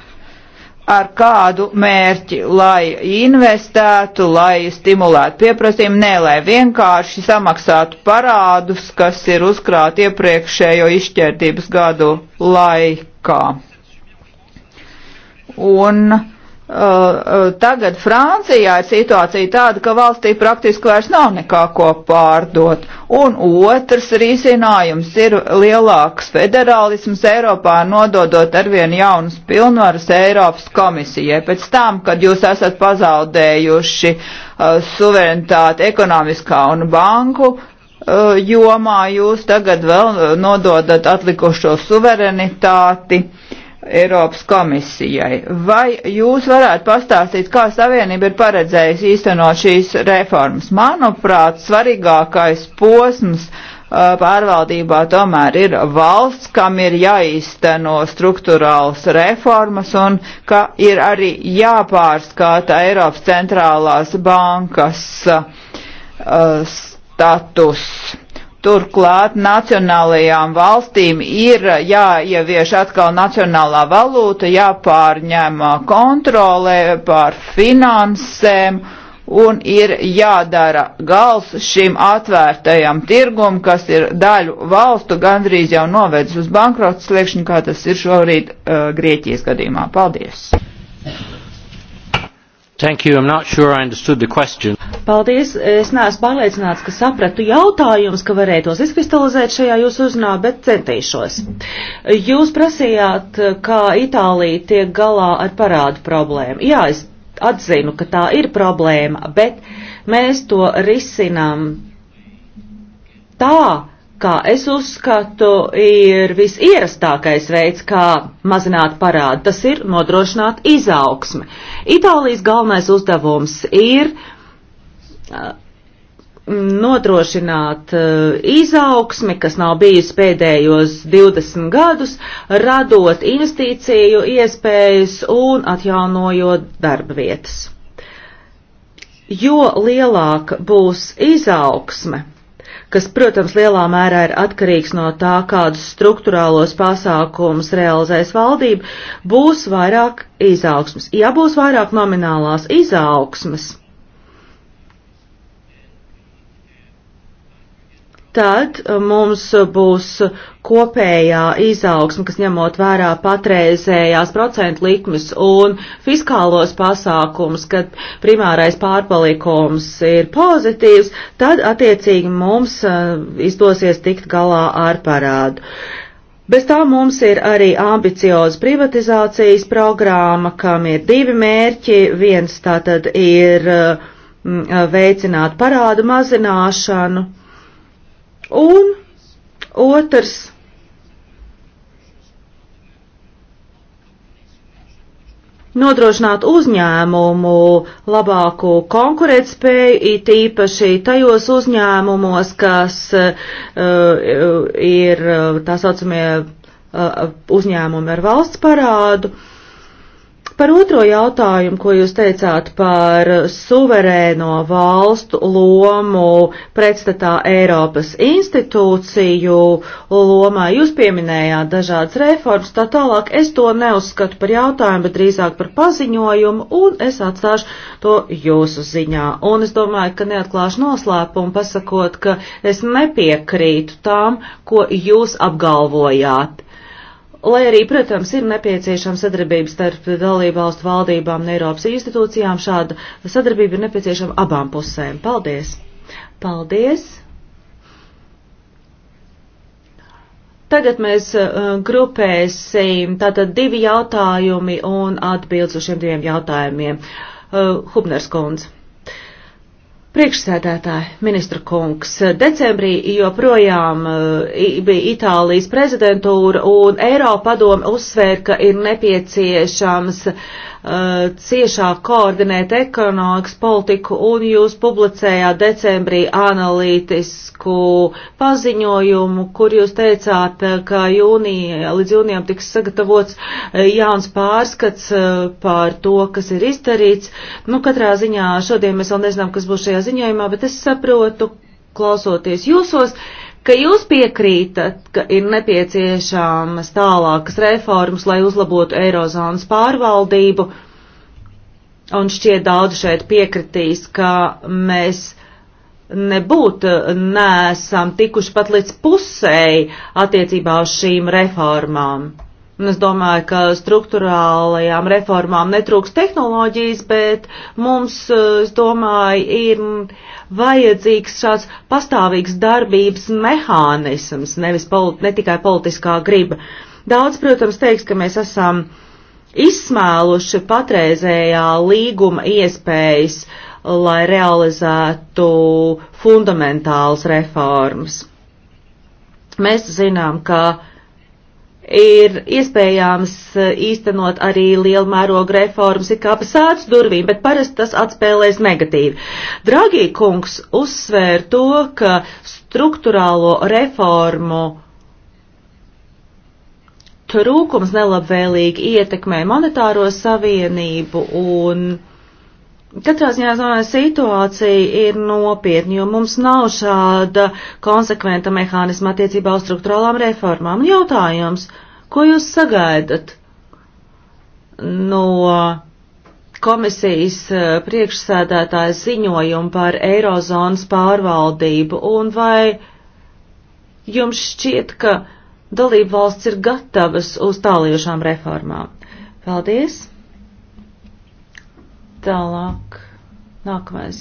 ar kādu mērķi, lai investētu, lai stimulētu pieprasījumu, ne lai vienkārši samaksātu parādus, kas ir uzkrāti iepriekšējo izšķērtības gadu laikā. Un uh, Uh, uh, tagad Francijā ir situācija tāda, ka valstī praktiski vairs nav nekā ko pārdot. Un otrs risinājums ir lielāks federālisms Eiropā, nododot arvien jaunas pilnvaras Eiropas komisijai. Pēc tam, kad jūs esat pazaudējuši uh, suverenitāti ekonomiskā un banku uh, jomā, jūs tagad vēl nododat atlikušo suverenitāti. Uh, Eiropas komisijai. Vai jūs varētu pastāstīt, kā Savienība ir paredzējusi īstenot šīs reformas? Manuprāt, svarīgākais posms uh, pārvaldībā tomēr ir valsts, kam ir jāīsteno struktūrāls reformas un ka ir arī jāpārskata Eiropas centrālās bankas uh, status. Turklāt nacionālajām valstīm ir jāievieš atkal nacionālā valūta, jāpārņem kontrolē pār finansēm un ir jādara gals šim atvērtajam tirgum, kas ir daļu valstu gandrīz jau novedis uz bankrotas sliekšņu, kā tas ir šorīt uh, Grieķijas gadījumā. Paldies! Thank you. I'm not sure I understood the question. Paldies. Es neesmu pārliecināts, ka sapratu jautājumus, ka varēju tos izkristalizēt šajā jūsu uzrunā, bet centīšos. Jūs prasījāt, kā Itālija tiek galā ar parādu problēmu. Jā, es atzinu, ka tā ir problēma, bet mēs to risinām tā, kā es uzskatu, ir visierastākais veids, kā mazināt parādu. Tas ir nodrošināt izaugsmi. Itālijas galvenais uzdevums ir nodrošināt izaugsmi, kas nav bijusi pēdējos 20 gadus, radot investīciju iespējas un atjaunojot darba vietas. Jo lielāka būs izaugsme, kas, protams, lielā mērā ir atkarīgs no tā, kādus struktūrālos pasākumus realizēs valdība, būs vairāk izaugsmas. Ja būs vairāk nominālās izaugsmas, tad uh, mums būs kopējā izaugsme, kas ņemot vērā patreizējās procentu likmes un fiskālos pasākums, kad primārais pārpalikums ir pozitīvs, tad attiecīgi mums uh, izdosies tikt galā ar parādu. Bez tā mums ir arī ambicioza privatizācijas programma, kam ir divi mērķi. Viens tātad ir uh, veicināt parādu mazināšanu Un otrs. Nodrošināt uzņēmumu labāku konkurētspēju, it īpaši tajos uzņēmumos, kas uh, ir uh, tā saucamie uh, uzņēmumi ar valsts parādu. Uh, Par otro jautājumu, ko jūs teicāt par suverēno valstu lomu pretstatā Eiropas institūciju lomā, jūs pieminējāt dažādas reformas, tā tālāk es to neuzskatu par jautājumu, bet drīzāk par paziņojumu, un es atstāšu to jūsu ziņā. Un es domāju, ka neatklāšu noslēpumu, pasakot, ka es nepiekrītu tām, ko jūs apgalvojāt Lai arī, protams, ir nepieciešama sadarbība starp dalībvalstu valdībām un Eiropas institūcijām, šāda sadarbība ir nepieciešama abām pusēm. Paldies! Paldies! Tagad mēs uh, grupēsim tātad divi jautājumi un atbildes uz šiem diviem jautājumiem. Uh, Hubners Kunds. Priekšsēdētāji, ministra kungs, decembrī joprojām eh, bija Itālijas prezidentūra un Eiropa padome uzsvēra, ka ir nepieciešams uh, ciešāk koordinēt ekonomikas politiku, un jūs publicējāt decembrī analītisku paziņojumu, kur jūs teicāt, eh, ka jūnija, līdz jūnijam tiks sagatavots eh, jauns pārskats par to, kas ir izdarīts. Nu, katrā ziņā šodien mēs vēl nezinām, kas būs šajā ziņojumā, bet es saprotu, klausoties jūsos, uh, ka jūs piekrītat, ka ir nepieciešamas tālākas reformas, lai uzlabotu Eirozonas pārvaldību, un šķiet daudz šeit piekritīs, ka mēs nebūtu nesam tikuši pat līdz pusēji attiecībā uz šīm reformām. Un es domāju, ka struktūrālajām reformām netrūks tehnoloģijas, bet mums, eh, es domāju, ir vajadzīgs šāds pastāvīgs darbības mehānisms, nevis politi ne tikai politiskā griba. Daudz, protams, teiks, ka mēs esam izsmēluši patreizējā līguma iespējas, lai realizētu fundamentālas reformas. Mēs zinām, ka ir iespējams eh, īstenot arī lielmēroga reformas it kā pa sāc durvīm, bet parasti tas atspēlēs negatīvi. Dragī kungs uzsvēra to, ka struktūrālo reformu trūkums nelabvēlīgi ietekmē monetāro savienību un Katrā ziņā domāju, situācija ir nopietna, jo mums nav šāda konsekventa mehānisma attiecībā uz struktūrālām reformām. Jautājums, ko jūs sagaidat no komisijas eh, priekšsēdētāja ziņojumu par eirozonas pārvaldību un vai jums šķiet, ka dalību valsts ir gatavas uz tāliešām reformām? Paldies! Tālāk nākamais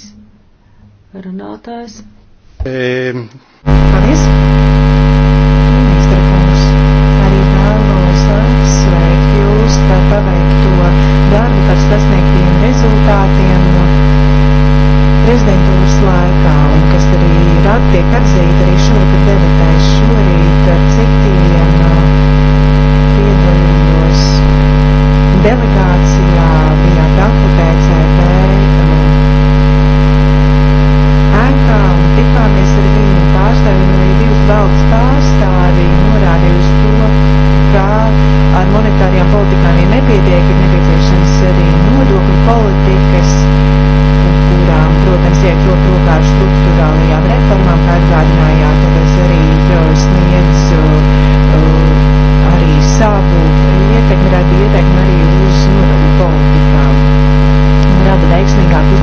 runātājs. E... Paldies! Ministra kungs, arī vēlos apsveikt jūs par paveikto darbu, par sasniegtiem rezultātiem no prezidentūras laikā, un kas arī ir tiek atzīta arī šogad debatēs šorīt ar citiem uh, piedalījos delegācijā valsts pārstāvji norādīja uz to, ka ar monetārajām politikām vien nepietiek, ir nepieciešams arī nodokļu politikas, kurām, protams, iet roku rokā ar struktūrālajām reformām, kā atgādinājāt, tad es arī sniedzu uh, arī savu ietekmi, radu ietekmi arī uz nodokļu politikām. Rada veiksmīgāku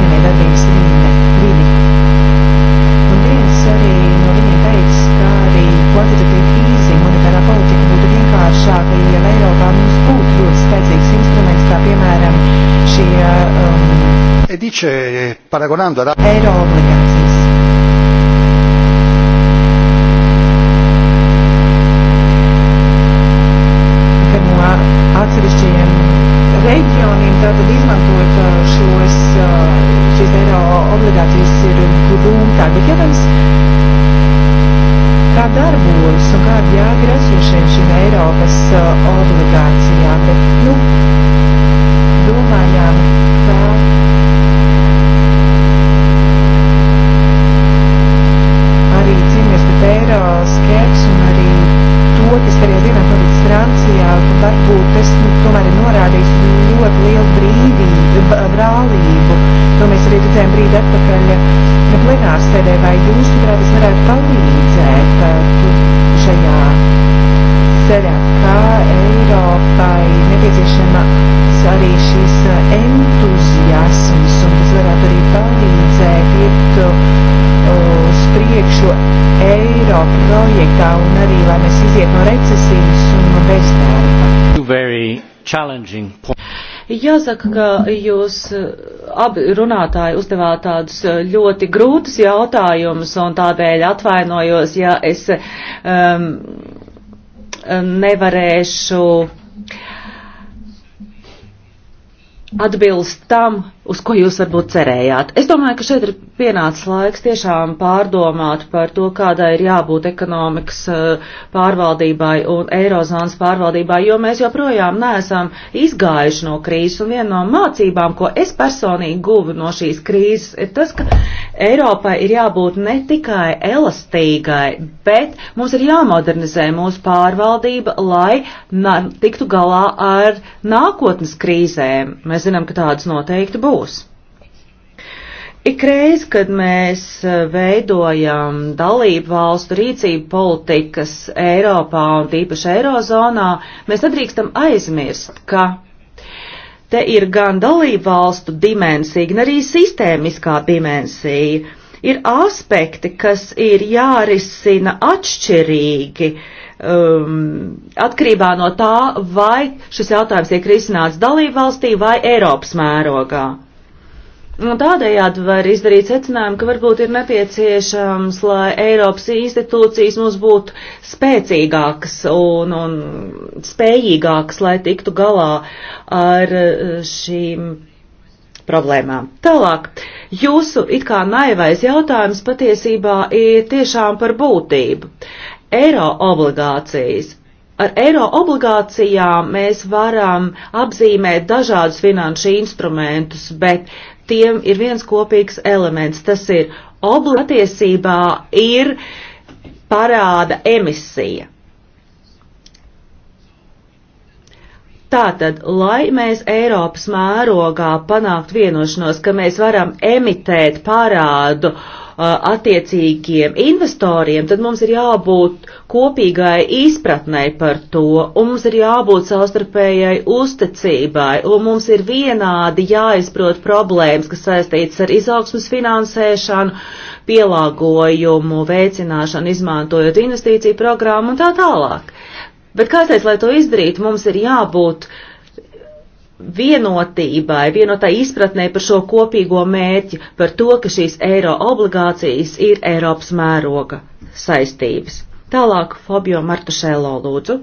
energia um, e dice, eh, paragonando ad... era obbligato. varētu palīdzēt šajā ceļā, kā Eiropai nepieciešama arī šis uh, entuziasms, un tas varētu arī palīdzēt iet uh, uz priekšu Eiropa projektā, un arī, lai mēs iziet no recesijas un no bezdarba. Jāsaka, ka jūs uh, abi runātāji uzdevāt tādus eh, ļoti grūtus jautājumus, un tādēļ atvainojos, ja es um, nevarēšu atbilst tam, uz ko jūs varbūt cerējāt. Es domāju, ka šeit ir pienācis laiks tiešām pārdomāt par to, kādai ir jābūt ekonomikas eh, pārvaldībai un eirozonas pārvaldībai, jo mēs joprojām neesam izgājuši no krīzes. Un viena no mācībām, ko es personīgi guvu no šīs krīzes, ir tas, ka Eiropai ir jābūt ne tikai elastīgai, bet mums ir jāmodernizē mūsu pārvaldība, lai tiktu galā ar nākotnes krīzēm. Mēs zinām, ka tādas noteikti būs. Ikreiz, kad mēs e, veidojam dalību valstu rīcību politikas Eiropā un tīpaši Eirozonā, mēs nedrīkstam aizmirst, ka te ir gan dalību valstu dimensija, gan arī sistēmiskā dimensija. Ir aspekti, kas ir jārisina atšķirīgi, um, atkarībā no tā, vai šis jautājums tiek risināts dalību valstī vai Eiropas mērogā. Nu, tādējādi var izdarīt secinājumu, ka varbūt ir nepieciešams, lai Eiropas institūcijas mums būtu spēcīgākas un, un spējīgākas, lai tiktu galā ar eh, šīm problēmām. Tālāk, jūsu it kā naivais jautājums patiesībā ir tiešām par būtību. Eiro obligācijas. Ar eiro obligācijām mēs varam apzīmēt dažādus finanšu instrumentus, bet tiem ir viens kopīgs elements. Tas ir obligātiesībā ir parāda emisija. Tātad, lai mēs Eiropas mērogā panāktu vienošanos, ka mēs varam emitēt parādu uh, Uh, attiecīgiem investoriem, tad mums ir jābūt kopīgai izpratnei par to, un mums ir jābūt savstarpējai uzticībai, un mums ir vienādi jāizprot problēmas, kas saistītas ar izaugsmas finansēšanu, pielāgojumu, veicināšanu, izmantojot investīciju programmu un tā tālāk. Bet kā es teicu, lai to izdarītu, mums ir jābūt uh, vienotībai, vienotā izpratnē par šo kopīgo mērķi, par to, ka šīs eiro obligācijas ir Eiropas mēroga saistības. Tālāk Fabio Martušēlo lūdzu.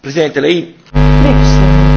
Prezidente Lei. Priekšsēdētāj.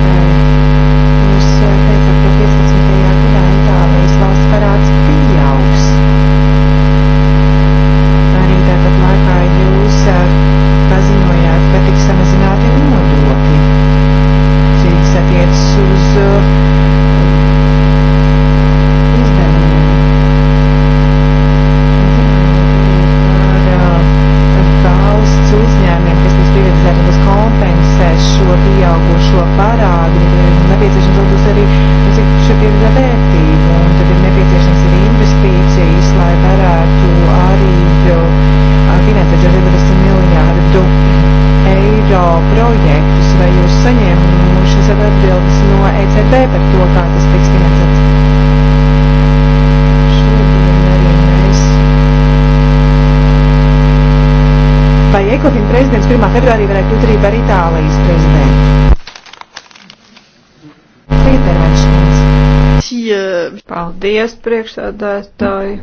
priekšsādātāji.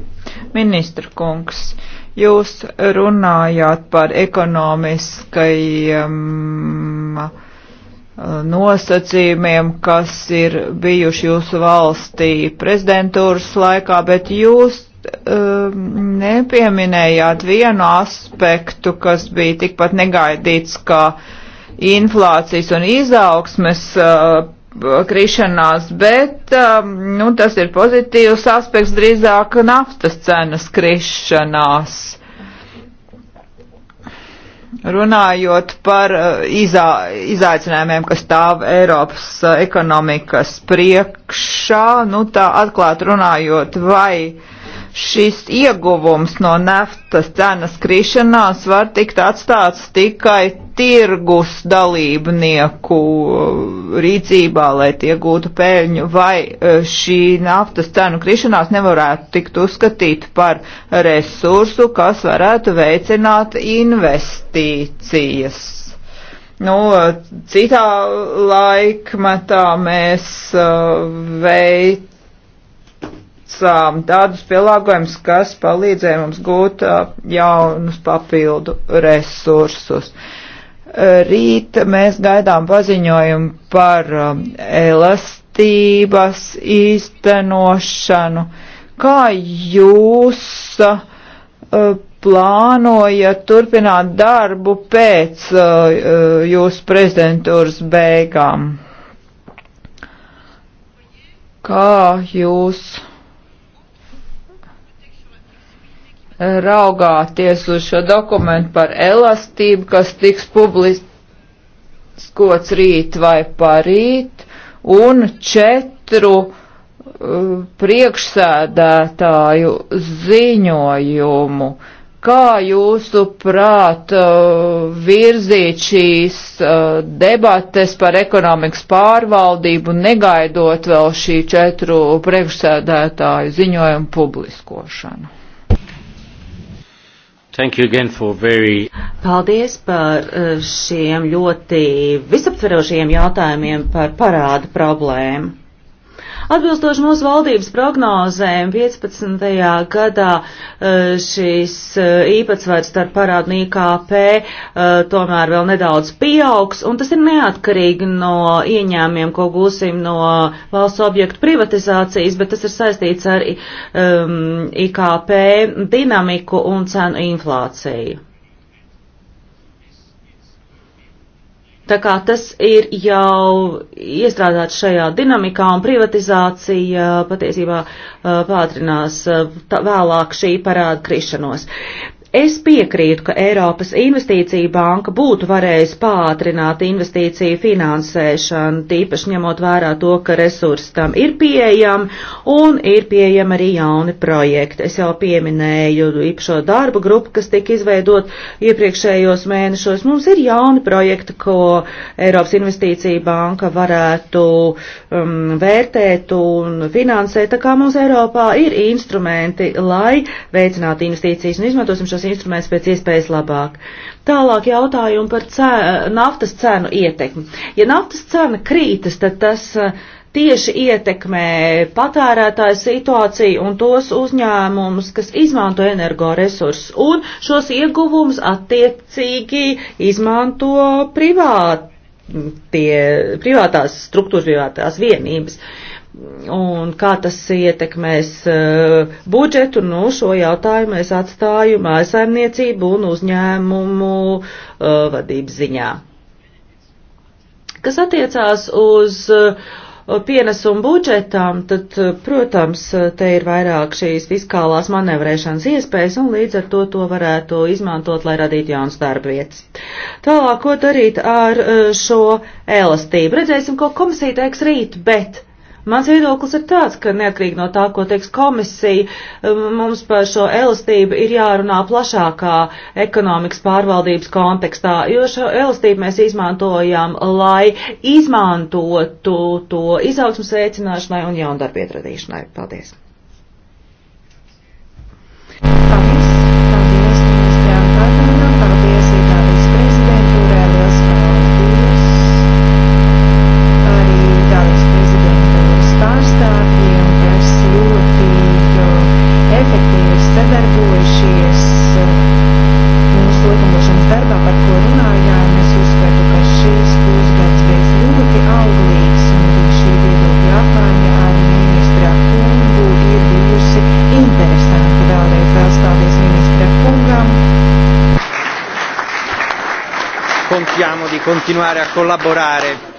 Ministra kungs, jūs runājāt par ekonomiskajiem uh, nosacījumiem, kas ir bijuši jūsu valstī prezidentūras laikā, bet jūs um, nepieminējāt vienu aspektu, kas bija tikpat negaidīts kā inflācijas un izaugsmes uh, krišanās, bet um, nu, tas ir pozitīvs aspekts drīzāk naftas cenas krišanās. Runājot par uh, izā, izaicinājumiem, kas stāv Eiropas uh, ekonomikas priekšā, nu tā atklāt runājot, vai uh, šis ieguvums no naftas cenas krišanās var tikt atstāts tikai tirgus dalībnieku uh, rīcībā, lai tie gūtu pēļņu, vai uh, šī naftas cenu krišanās nevarētu tikt uzskatīt par resursu, kas varētu veicināt investīcijas. Nu, citā laikmetā mēs uh, veic veicām um, tādus pielāgojumus, kas palīdzēja mums gūt uh, jaunus papildu resursus. Uh, rīt mēs gaidām paziņojumu par um, elastības īstenošanu. Kā jūs uh, plānojat turpināt darbu pēc jūsu prezidentūras beigām? Kā jūs raugāties uz šo dokumentu par elastību, kas tiks publiskots rīt vai parīt, un četru uh, priekšsēdētāju ziņojumu. Kā jūsu prāt uh, virzīt šīs uh, debates par ekonomikas pārvaldību, negaidot vēl šī četru priekšsēdētāju ziņojumu publiskošanu? Very... Paldies par eh, šiem ļoti visaptverošiem jautājumiem par parādu problēmu. Atbilstoši mūsu valdības prognozēm, 15. gadā e, šis e, īpatsvars starp parādu un IKP e, tomēr vēl nedaudz pieaugs, un tas ir neatkarīgi no ieņēmiem, ko gūsim no valsts objektu privatizācijas, bet tas ir saistīts ar um, IKP dinamiku un cenu inflāciju. Tā kā tas ir jau iestrādāts šajā dinamikā un privatizācija uh, patiesībā uh, pātrinās uh, vēlāk šī parāda krišanos. Es piekrītu, ka Eiropas investīcija banka būtu varējusi pātrināt investīciju finansēšanu, tīpaši ņemot vērā to, ka resursi tam ir pieejami un ir pieejami arī jauni projekti. Es jau pieminēju īpašo darba grupu, kas tika izveidot iepriekšējos mēnešos. Mums ir jauni projekti, ko Eiropas investīcija banka varētu um, vērtēt un finansēt, tā kā mums Eiropā ir instrumenti, lai veicinātu investīcijas un izmantosim šos šos instrumentus pēc iespējas labāk. Tālāk jautājumu par cēnu, naftas cenu ietekmi. Ja naftas cena krītas, tad tas uh, tieši ietekmē patērētāju situāciju un tos uzņēmumus, kas izmanto energoresursus, un šos ieguvumus attiecīgi izmanto privāti. Tie privātās struktūras, privātās vienības. Uh, un kā tas ietekmēs uh, budžetu, nu, šo jautājumu es atstāju mājasaimniecību un uzņēmumu uh, vadības ziņā. Kas attiecās uz uh, pienesumu budžetām, tad, protams, te ir vairāk šīs fiskālās manevrēšanas iespējas, un līdz ar to to varētu izmantot, lai radītu jaunas darba vietas. Tālāk, ko darīt ar šo elastību? Redzēsim, ko komisija teiks rīt, bet Mans viedoklis ir tāds, ka neatkarīgi no tā, ko teiks komisija, um, mums par šo elastību ir jārunā plašākā ekonomikas pārvaldības kontekstā, jo šo elastību mēs izmantojam, lai izmantotu to izaugsmas veicināšanai un jaundarbietradīšanai. Paldies! chiediamo di continuare a collaborare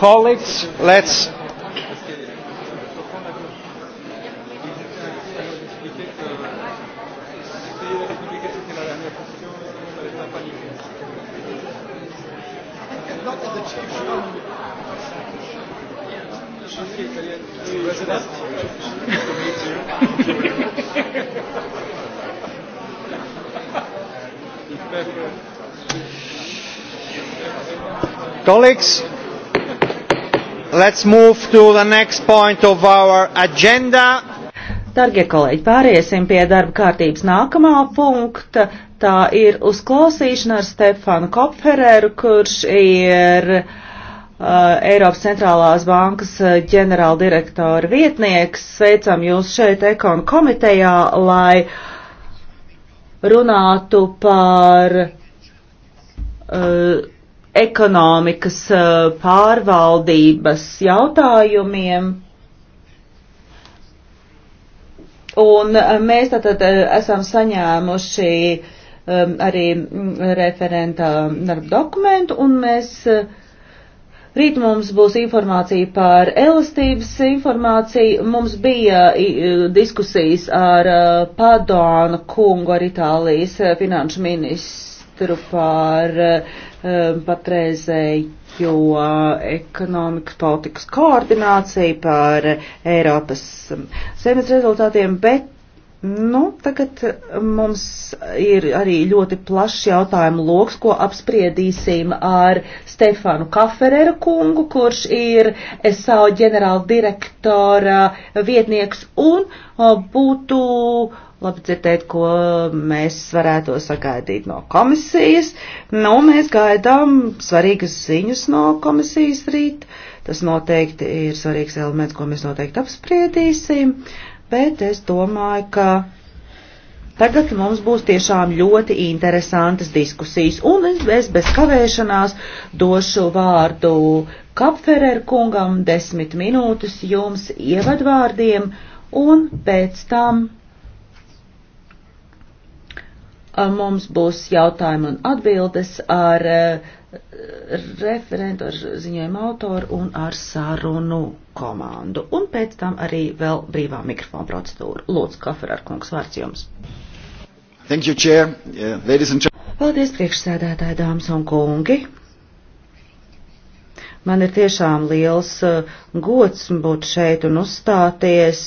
colleagues, let's Colleagues, Let's move to the next point of our agenda. Dargie kolēģi, pāriesim pie darba kārtības nākamā punkta. Tā ir uzklausīšana ar Stefanu Kopfereru, kurš ir uh, Eiropas centrālās bankas uh, ģenerāldirektora vietnieks. Sveicam jūs šeit ekonu komitejā, lai runātu par uh, ekonomikas uh, pārvaldības jautājumiem. Un uh, mēs tātad uh, esam saņēmuši um, arī mm, referenta um, darba dokumentu, un mēs rīt mums būs informācija par elastības informāciju. Mums bija diskusijas ar Padonu kungu, ar Itālijas finanšu ministru par uh, Um, patreizējo ekonomikas politikas koordināciju, par Eiropas semestra rezultātiem, bet, nu, tagad mums ir arī ļoti plašs jautājumu loks, ko apspriedīsim ar Stefanu Kaferera kungu, kurš ir SAO ģenerāla direktora vietnieks un būtu labi dzirdēt, ko mēs varētu sagaidīt no komisijas. Nu, mēs gaidām svarīgas ziņas no komisijas rīt. Tas noteikti ir svarīgs elements, ko mēs noteikti apspriedīsim, bet es domāju, ka tagad mums būs tiešām ļoti interesantas diskusijas, un es bez kavēšanās došu vārdu Kapferer kungam desmit minūtes jums ievadvārdiem, un pēc tam Mums būs jautājumi un atbildes ar e, referentu, ar ziņojumu autoru un ar sarunu komandu. Un pēc tam arī vēl brīvā mikrofona procedūra. Lūdzu, Kaferar kungs, vārds jums. Thank you, chair. Yeah, uh, ladies and gentlemen. Paldies, priekšsēdētāji, dāmas un kungi. Man ir tiešām liels uh, gods būt šeit un uzstāties.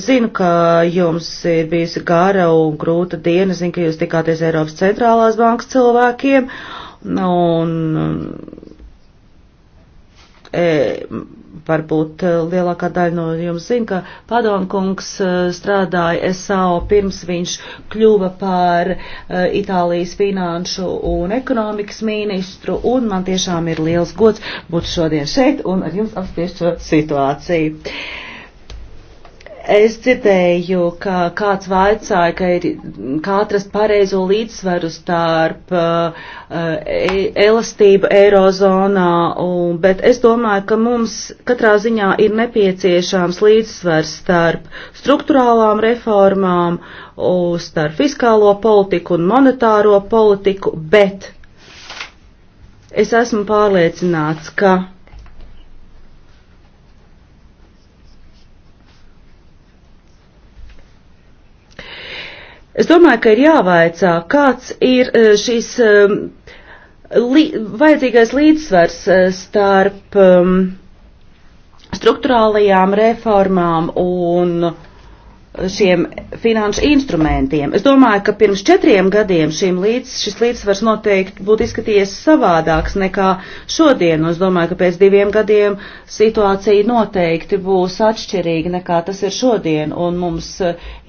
Es zinu, ka jums ir bijusi gara un grūta diena. Zinu, ka jūs tikāties Eiropas centrālās bankas cilvēkiem. Un, um, e, varbūt eh, lielākā daļa no jums zina, ka Padonkungs eh, strādāja SAO pirms viņš kļuva par eh, Itālijas finanšu un ekonomikas ministru, un man tiešām ir liels gods būt šodien šeit un ar jums apspriest šo situāciju. Uh, Es dzirdēju, ka kāds vaicāja, ka ir kā atrast pareizo līdzsvaru starp uh, e, elastību eirozonā, un, bet es domāju, ka mums katrā ziņā ir nepieciešams līdzsvars starp struktūrālām reformām, starp fiskālo politiku un monetāro politiku, bet es esmu pārliecināts, ka Es domāju, ka ir jāvaicā, kāds ir e, šis e, li, vajadzīgais līdzsvars e, starp um, struktūrālajām reformām un šiem finanšu instrumentiem. Es domāju, ka pirms četriem gadiem līdz, šis līdzsvars noteikti būtu izskatījies savādāks nekā šodien. Es domāju, ka pēc diviem gadiem situācija noteikti būs atšķirīga nekā tas ir šodien, un mums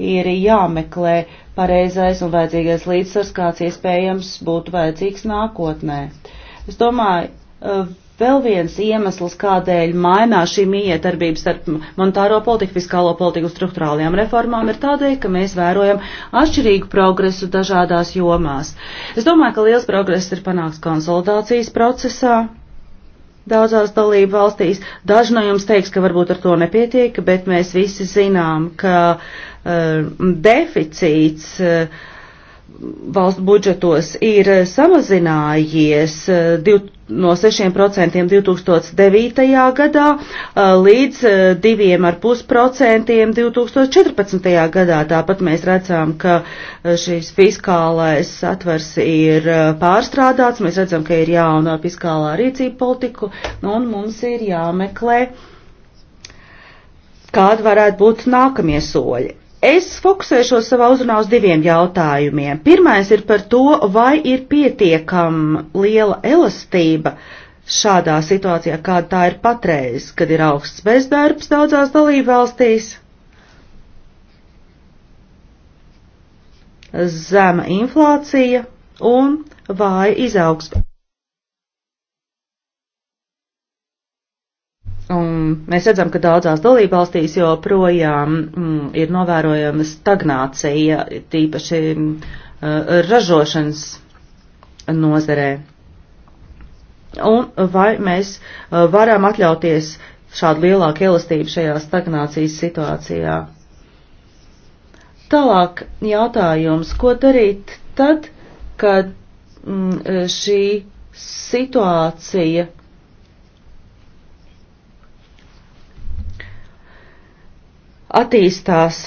ir jāmeklē pareizais un vajadzīgais līdzsvars, kāds iespējams būtu vajadzīgs nākotnē. Es domāju, eh, vēl viens iemesls, kādēļ mainās šī miedarbība starp monetāro politiku, fiskālo politiku un struktūrālajām reformām, ir tādēļ, ka mēs vērojam atšķirīgu progresu dažādās jomās. Es domāju, ka liels progress ir panāks konsolidācijas procesā daudzās dalību valstīs. Daži no jums teiks, ka varbūt ar to nepietiek, bet mēs visi zinām, ka uh, deficīts uh, valsts budžetos ir samazinājies uh, eh, 2000 no 6% 2009. gadā līdz 2,5% 2014. gadā. Tāpat mēs redzam, ka šīs fiskālais atvers ir pārstrādāts, mēs redzam, ka ir jauna fiskālā rīcība politiku nu, un mums ir jāmeklē, kāda varētu būt nākamie soļi. Es fokusēšos savā uzrunā uz diviem jautājumiem. Pirmais ir par to, vai ir pietiekama liela elastība šādā situācijā, kāda tā ir patreiz, kad ir augsts bezdarbs daudzās dalībvalstīs, zema inflācija un vāja izaugsme. Un mēs redzam, ka daudzās dalībvalstīs joprojām mm, ir novērojama stagnācija, tīpaši mm, ražošanas nozarē. Un vai mēs eh, varam atļauties šādu lielāku elastību šajā stagnācijas situācijā? Tālāk jautājums, ko darīt tad, kad mm, eh, šī situācija attīstās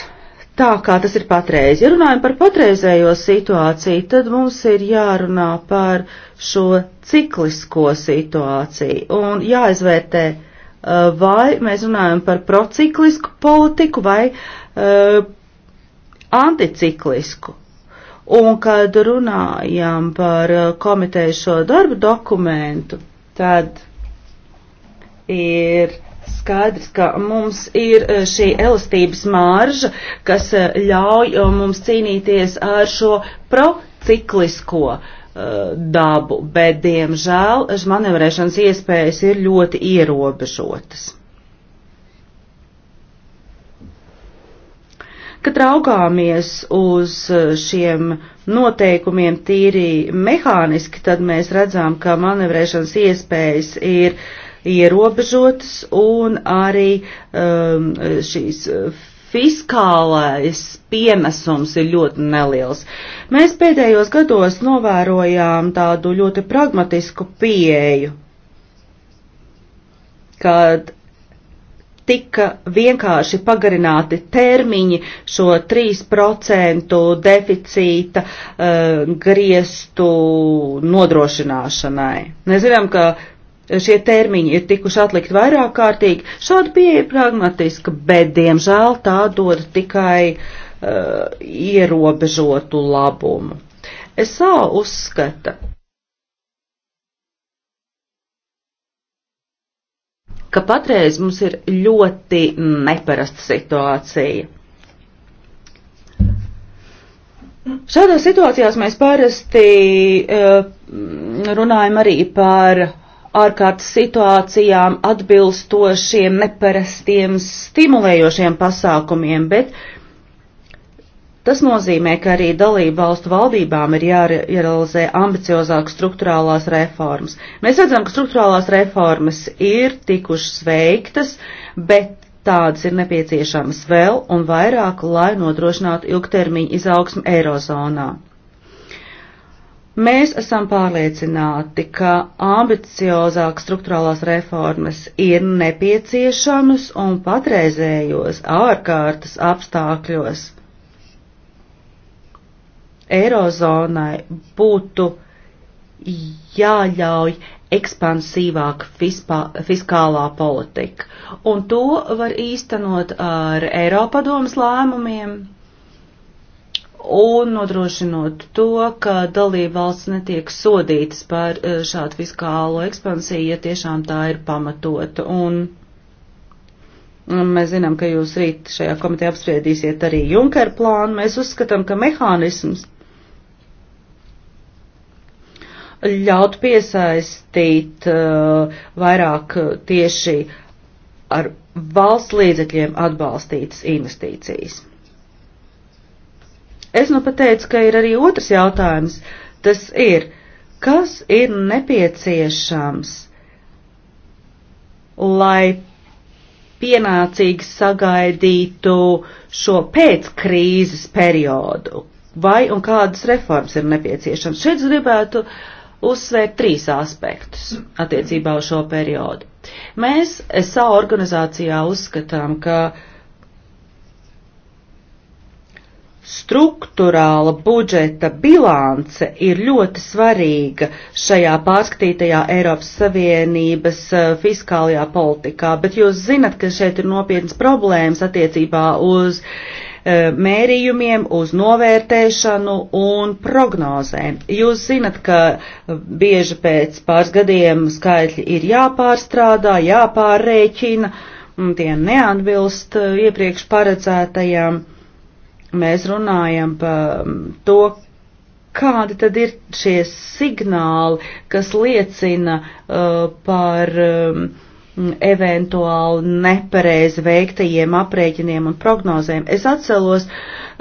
tā, kā tas ir patreiz. Ja runājam par patreizējo situāciju, tad mums ir jārunā par šo ciklisko situāciju un jāizvērtē, eh, vai mēs runājam par prociklisku politiku vai uh, anticiklisku. Un kad runājam par eh, komiteju šo darbu dokumentu, tad ir skaidrs, ka mums ir e, šī elastības mārža, kas e, ļauj e, mums cīnīties ar šo prociklisko uh, dabu, bet, diemžēl, manevrēšanas iespējas ir ļoti ierobežotas. Kad raugāmies uz šiem noteikumiem tīri mehāniski, tad mēs redzam, ka manevrēšanas iespējas ir uh, ierobežotas un arī um, šīs uh, fiskālais piemesums ir ļoti neliels. Mēs pēdējos gados novērojām tādu ļoti pragmatisku pieeju, kad tika vienkārši pagarināti termiņi šo 3% deficīta uh, griestu nodrošināšanai. Mēs zinām, ka šie termiņi ir tikuši atlikt vairāk kārtīgi. Šāda pieeja ir pragmatiska, bet, diemžēl, tā dod tikai uh, ierobežotu labumu. Es savu uzskata, ka patreiz mums ir ļoti neparasta situācija. Šādās situācijās mēs parasti uh, runājam arī par ārkārtas situācijām atbilstošiem, neparastiem, stimulējošiem pasākumiem, bet tas nozīmē, ka arī dalību valstu valdībām ir jārealizē ambiciozāk struktūrālās reformas. Mēs redzam, ka struktūrālās reformas ir tikušas veiktas, bet tādas ir nepieciešamas vēl un vairāk, lai nodrošinātu ilgtermiņu izaugsmu Eirozonā. Mēs esam pārliecināti, ka ambiciozāk struktūrālās reformas ir nepieciešamas un patreizējos ārkārtas apstākļos Eirozonai būtu jāļauj ekspansīvāk fispā, fiskālā politika, un to var īstenot ar Eiropadomas lēmumiem un nodrošinot to, ka dalībvalsts netiek sodītas par eh, šādu fiskālo ekspansiju, ja tiešām tā ir pamatota. Un, un mēs zinām, ka jūs rīt šajā komitē apspriedīsiet arī Junker plānu. Mēs uzskatām, ka mehānisms ļaut piesaistīt uh, vairāk tieši ar valsts līdzekļiem atbalstītas investīcijas. Es nu pateicu, ka ir arī otrs jautājums. Tas ir, kas ir nepieciešams, lai pienācīgi sagaidītu šo pēckrīzes periodu? Vai un kādas reformas ir nepieciešams? Šeit gribētu uzsvērt trīs aspektus attiecībā uz šo periodu. Mēs savu organizācijā uzskatām, ka uh, Struktūrāla budžeta bilance ir ļoti svarīga šajā pārskatītajā Eiropas Savienības eh, fiskālajā politikā, bet jūs zinat, ka šeit ir nopietnas problēmas attiecībā uz eh, mērījumiem, uz novērtēšanu un prognozēm. Jūs zinat, ka bieži pēc pāris gadiem skaitļi ir jāpārstrādā, jāpārrēķina, tie neatbilst eh, iepriekš paredzētajām mēs runājam par to, kādi tad ir šie signāli, kas liecina uh, par um, eventuāli nepareizi veiktajiem aprēķiniem un prognozēm. Es atcelos,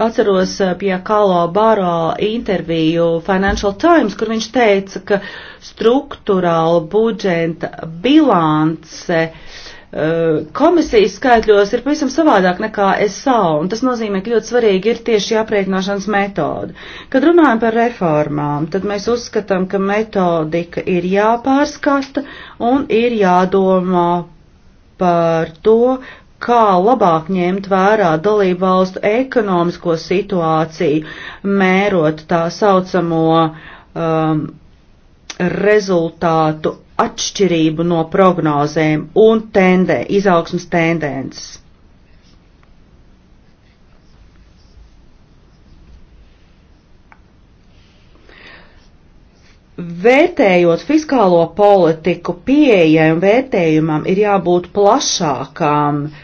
atceros uh, pie Kalo Baro interviju Financial Times, kur viņš teica, ka struktūrāla budžeta bilance uh, Eh, komisijas skaitļos ir pavisam savādāk nekā SAO, un tas nozīmē, ka ļoti svarīgi ir tieši aprēķināšanas metode. Kad runājam par reformām, tad mēs uzskatām, ka metodika ir jāpārskata un ir jādomā par to, kā labāk ņemt vērā dalību valstu ekonomisko situāciju, mērot tā saucamo um, rezultātu atšķirību no prognozēm un tendē, izaugsmas tendences. Vērtējot fiskālo politiku, pieejam vērtējumam ir jābūt plašākām uh,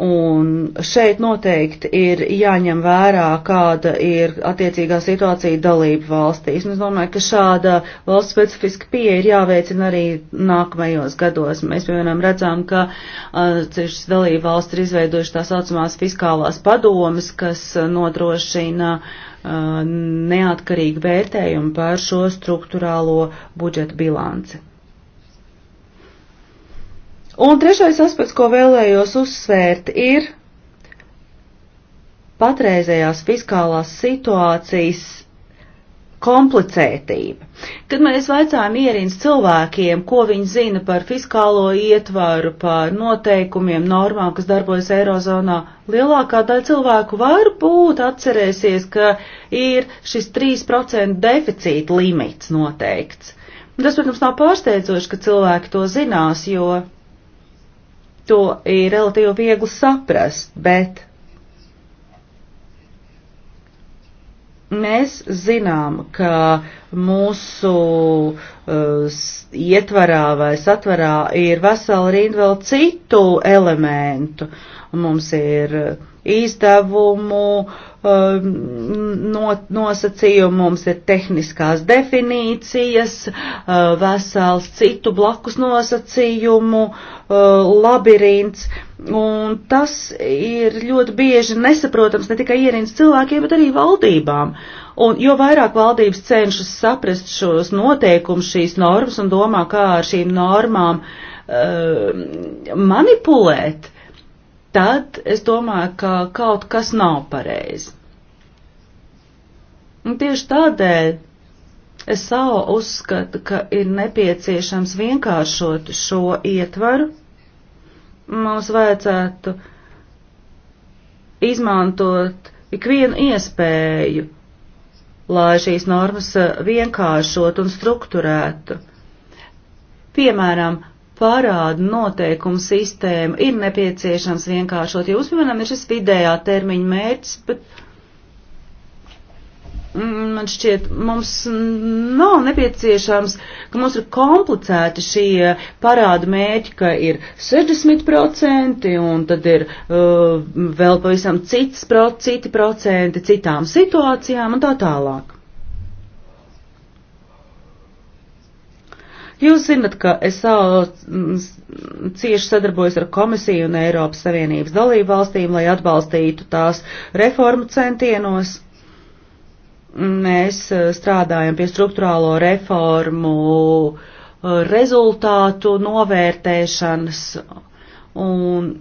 Un šeit noteikti ir jāņem vērā, kāda ir attiecīgā situācija dalību valstīs. Un es domāju, ka šāda valsts specifiska pieeja ir jāveicina arī nākamajos gados. Mēs, piemēram, redzam, ka atsevišķas uh, dalību valsts ir izveidojuši tā saucamās fiskālās padomas, kas nodrošina uh, neatkarīgu vērtējumu par šo struktūrālo budžeta bilanci. Un trešais aspekts, ko vēlējos uzsvērt, ir patreizējās fiskālās situācijas komplicētība. Kad mēs vaicājām ierīnas cilvēkiem, ko viņi zina par fiskālo ietvaru, par noteikumiem, normām, kas darbojas Eirozonā, lielākā daļa cilvēku varbūt atcerēsies, ka ir šis 3% deficīta limits noteikts. Tas, protams, nav pārsteidzoši, ka cilvēki to zinās, jo to ir relatīvi viegli saprast, bet mēs zinām, ka mūsu uh, ietvarā vai satvarā ir vesela rinda vēl citu elementu. Mums ir uh, izdevumu, uh, Um, no, nosacījumu, mums ir tehniskās definīcijas, uh, vesels citu blakus nosacījumu, uh, labirints, un tas ir ļoti bieži nesaprotams ne tikai ierīnas cilvēkiem, bet arī valdībām. Un jo vairāk valdības cenšas saprast šos noteikumus, šīs normas un domā, kā ar šīm normām uh, manipulēt, uh, tad es domāju, ka kaut kas nav pareizi. Un tieši tādēļ es savu uzskatu, ka ir nepieciešams vienkāršot šo ietvaru. Mums vajadzētu izmantot ikvienu iespēju, lai šīs normas vienkāršotu un strukturētu. Piemēram, parādu noteikumu sistēmu ir nepieciešams vienkāršot, jo uzmanam ir šis vidējā termiņa mērķis, bet mm, man šķiet, mums nav nepieciešams, ka mums ir komplicēti šie parādu mērķi, ka ir 60% un tad ir uh, vēl pavisam cits, pro, citi procenti citām situācijām un tā tālāk. Jūs zinat, ka SAO cieši sadarbojas ar komisiju un Eiropas Savienības dalību valstīm, lai atbalstītu tās reformu centienos. Mēs eh, strādājam pie struktūrālo reformu eh, rezultātu novērtēšanas un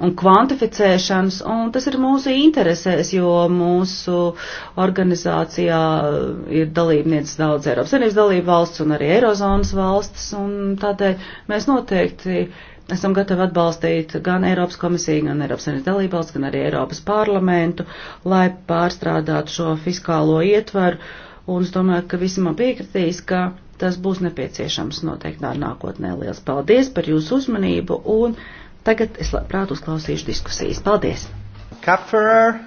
un kvantificēšanas, un tas ir mūsu interesēs, jo mūsu organizācijā ir dalībnieces daudz Eiropas Savienības dalību valsts un arī Eirozonas valsts, un tādēļ mēs noteikti esam gatavi atbalstīt gan Eiropas komisiju, gan Eiropas Savienības dalību valsts, gan arī Eiropas parlamentu, lai pārstrādātu šo fiskālo ietvaru, un es domāju, ka visi man piekritīs, ka tas būs nepieciešams noteiktā nākotnē. Liels paldies par jūsu uzmanību! Un, Tagad es labprāt uzklausīšu diskusijas. Paldies! Kaffer.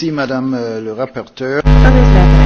Merci, madame euh, le rapporteur. Paldies,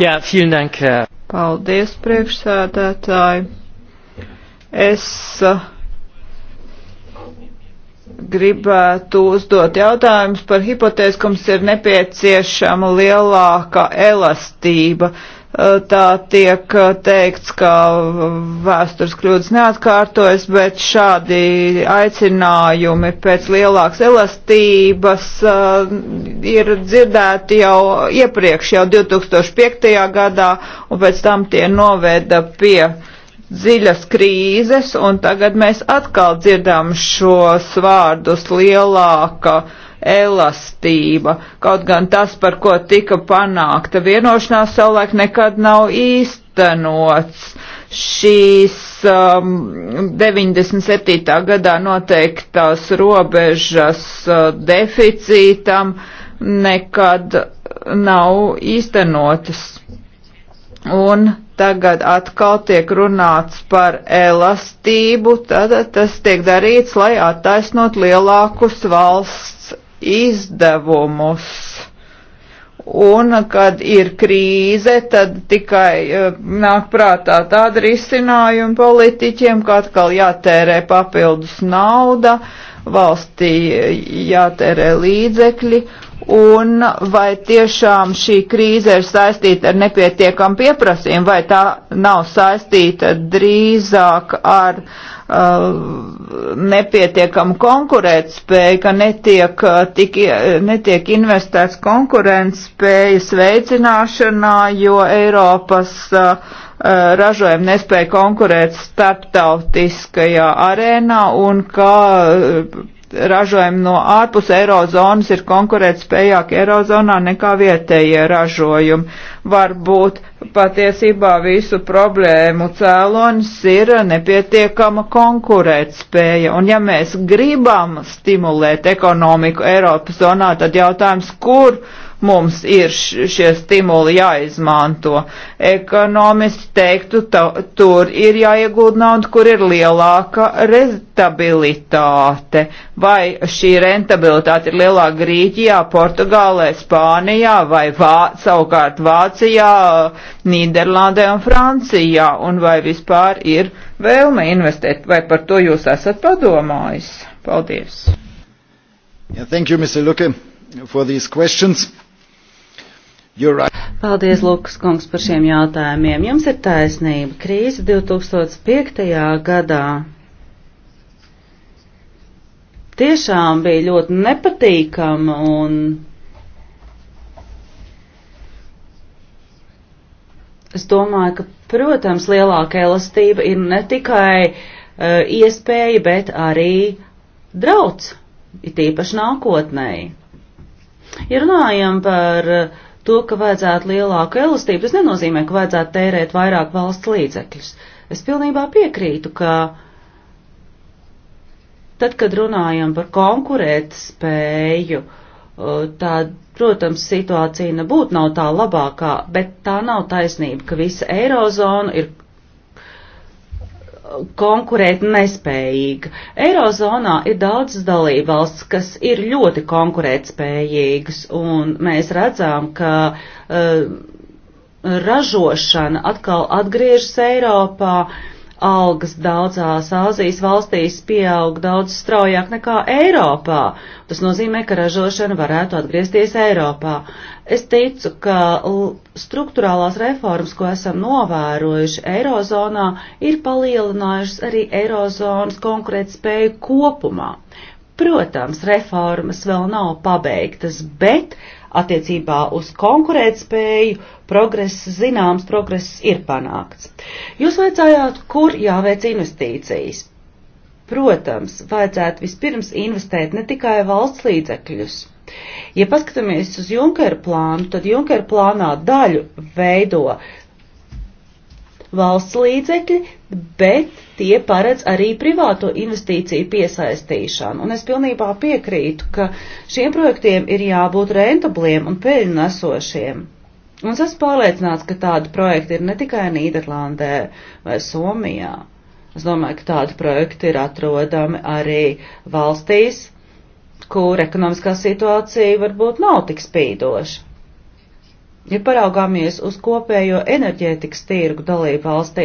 Jā, ja, vielen dank. Paldies, priekšsēdētāji. Es eh, gribētu uzdot jautājumus par hipotēzi, ka mums ir nepieciešama lielāka elastība. Uh, tā tiek uh, teikts, ka vēstures kļūdas neatkārtojas, bet šādi aicinājumi pēc lielākas elastības uh, ir dzirdēti jau iepriekš, jau 2005. gadā, un pēc tam tie noveda pie dziļas krīzes, un tagad mēs atkal dzirdam šos vārdus lielāka elastība. Kaut gan tas, par ko tika panākta vienošanās, savulaik nekad nav īstenots. Šīs um, 97. gadā noteiktās robežas uh, deficītam nekad nav īstenotas. Un tagad atkal tiek runāts par elastību, tad tas tiek darīts, lai attaisnot lielākus valsts izdevumus. Un, kad ir krīze, tad tikai uh, nāk prātā tāda risinājuma politiķiem, ka atkal jātērē papildus nauda, valstī jātērē līdzekļi, un vai tiešām šī krīze ir saistīta ar nepietiekam pieprasījumu, vai tā nav saistīta drīzāk ar uh, nepietiekamu konkurētspēju, ka netiek, uh, tik, netiek investēts konkurētspējas veicināšanā, jo Eiropas uh, uh ražojumi nespēja konkurēt starptautiskajā arēnā un ka uh, ražojumi no ārpus eirozonas ir konkurētspējāki eirozonā nekā vietējie ražojumi. Varbūt patiesībā visu problēmu cēlonis ir nepietiekama konkurētspēja. Un ja mēs gribam stimulēt ekonomiku Eiropas zonā, tad jautājums, kur mums ir šie stimuli jāizmanto. Ekonomisti teiktu, ta, tur ir jāiegūda nauda, kur ir lielāka rentabilitāte. Vai šī rentabilitāte ir lielāka Grīķijā, Portugālē, Spānijā vai vā, savukārt Vācijā, Nīderlandē un Francijā, un vai vispār ir vēlme investēt, vai par to jūs esat padomājis? Paldies! Yeah, thank you, Mr. Luke, for these questions. Right. Paldies, Lukas kungs, par šiem jautājumiem. Jums ir taisnība. Krīze 2005. gadā tiešām bija ļoti nepatīkama un es domāju, ka, protams, lielāka elastība ir ne tikai uh, iespēja, bet arī drauds, it īpaši nākotnēji. Ja runājam par uh, To, ka vajadzētu lielāku elastību, tas nenozīmē, ka vajadzētu tērēt vairāk valsts līdzekļus. Es pilnībā piekrītu, ka tad, kad runājam par konkurēt spēju, uh, tad, protams, situācija nebūtu nav tā labākā, bet tā nav taisnība, ka visa eirozona ir konkurēt nespējīga. Eirozonā ir daudzas dalībvalsts, kas ir ļoti konkurētspējīgas, un mēs redzam, ka uh, ražošana atkal atgriežas Eiropā. Uh, algas daudzās Āzijas valstīs pieaug daudz straujāk nekā Eiropā. Tas nozīmē, ka ražošana varētu atgriezties Eiropā. Es ticu, ka struktūrālās reformas, ko esam novērojuši Eirozonā, ir palielinājušas arī Eirozonas konkurētspēju kopumā. Protams, reformas vēl nav pabeigtas, bet attiecībā uz konkurētspēju progress, zināms progress ir panākts. Jūs vaicājāt, kur jāveic investīcijas. Protams, vajadzētu vispirms investēt ne tikai valsts līdzekļus. Ja paskatāmies uz Junkera plānu, tad Junkera plānā daļu veido valsts līdzekļi, bet tie paredz arī privāto investīciju piesaistīšanu. Un es pilnībā piekrītu, ka šiem projektiem ir jābūt rentabliem un peļņu nesošiem. Un es esmu pārliecināts, ka tādi projekti ir ne tikai Nīderlandē vai Somijā. Es domāju, ka tādi projekti ir atrodami arī valstīs, kur ekonomiskā situācija varbūt nav tik spīdoša ja paraugāmies uz kopējo enerģētikas tirgu dalību valstī,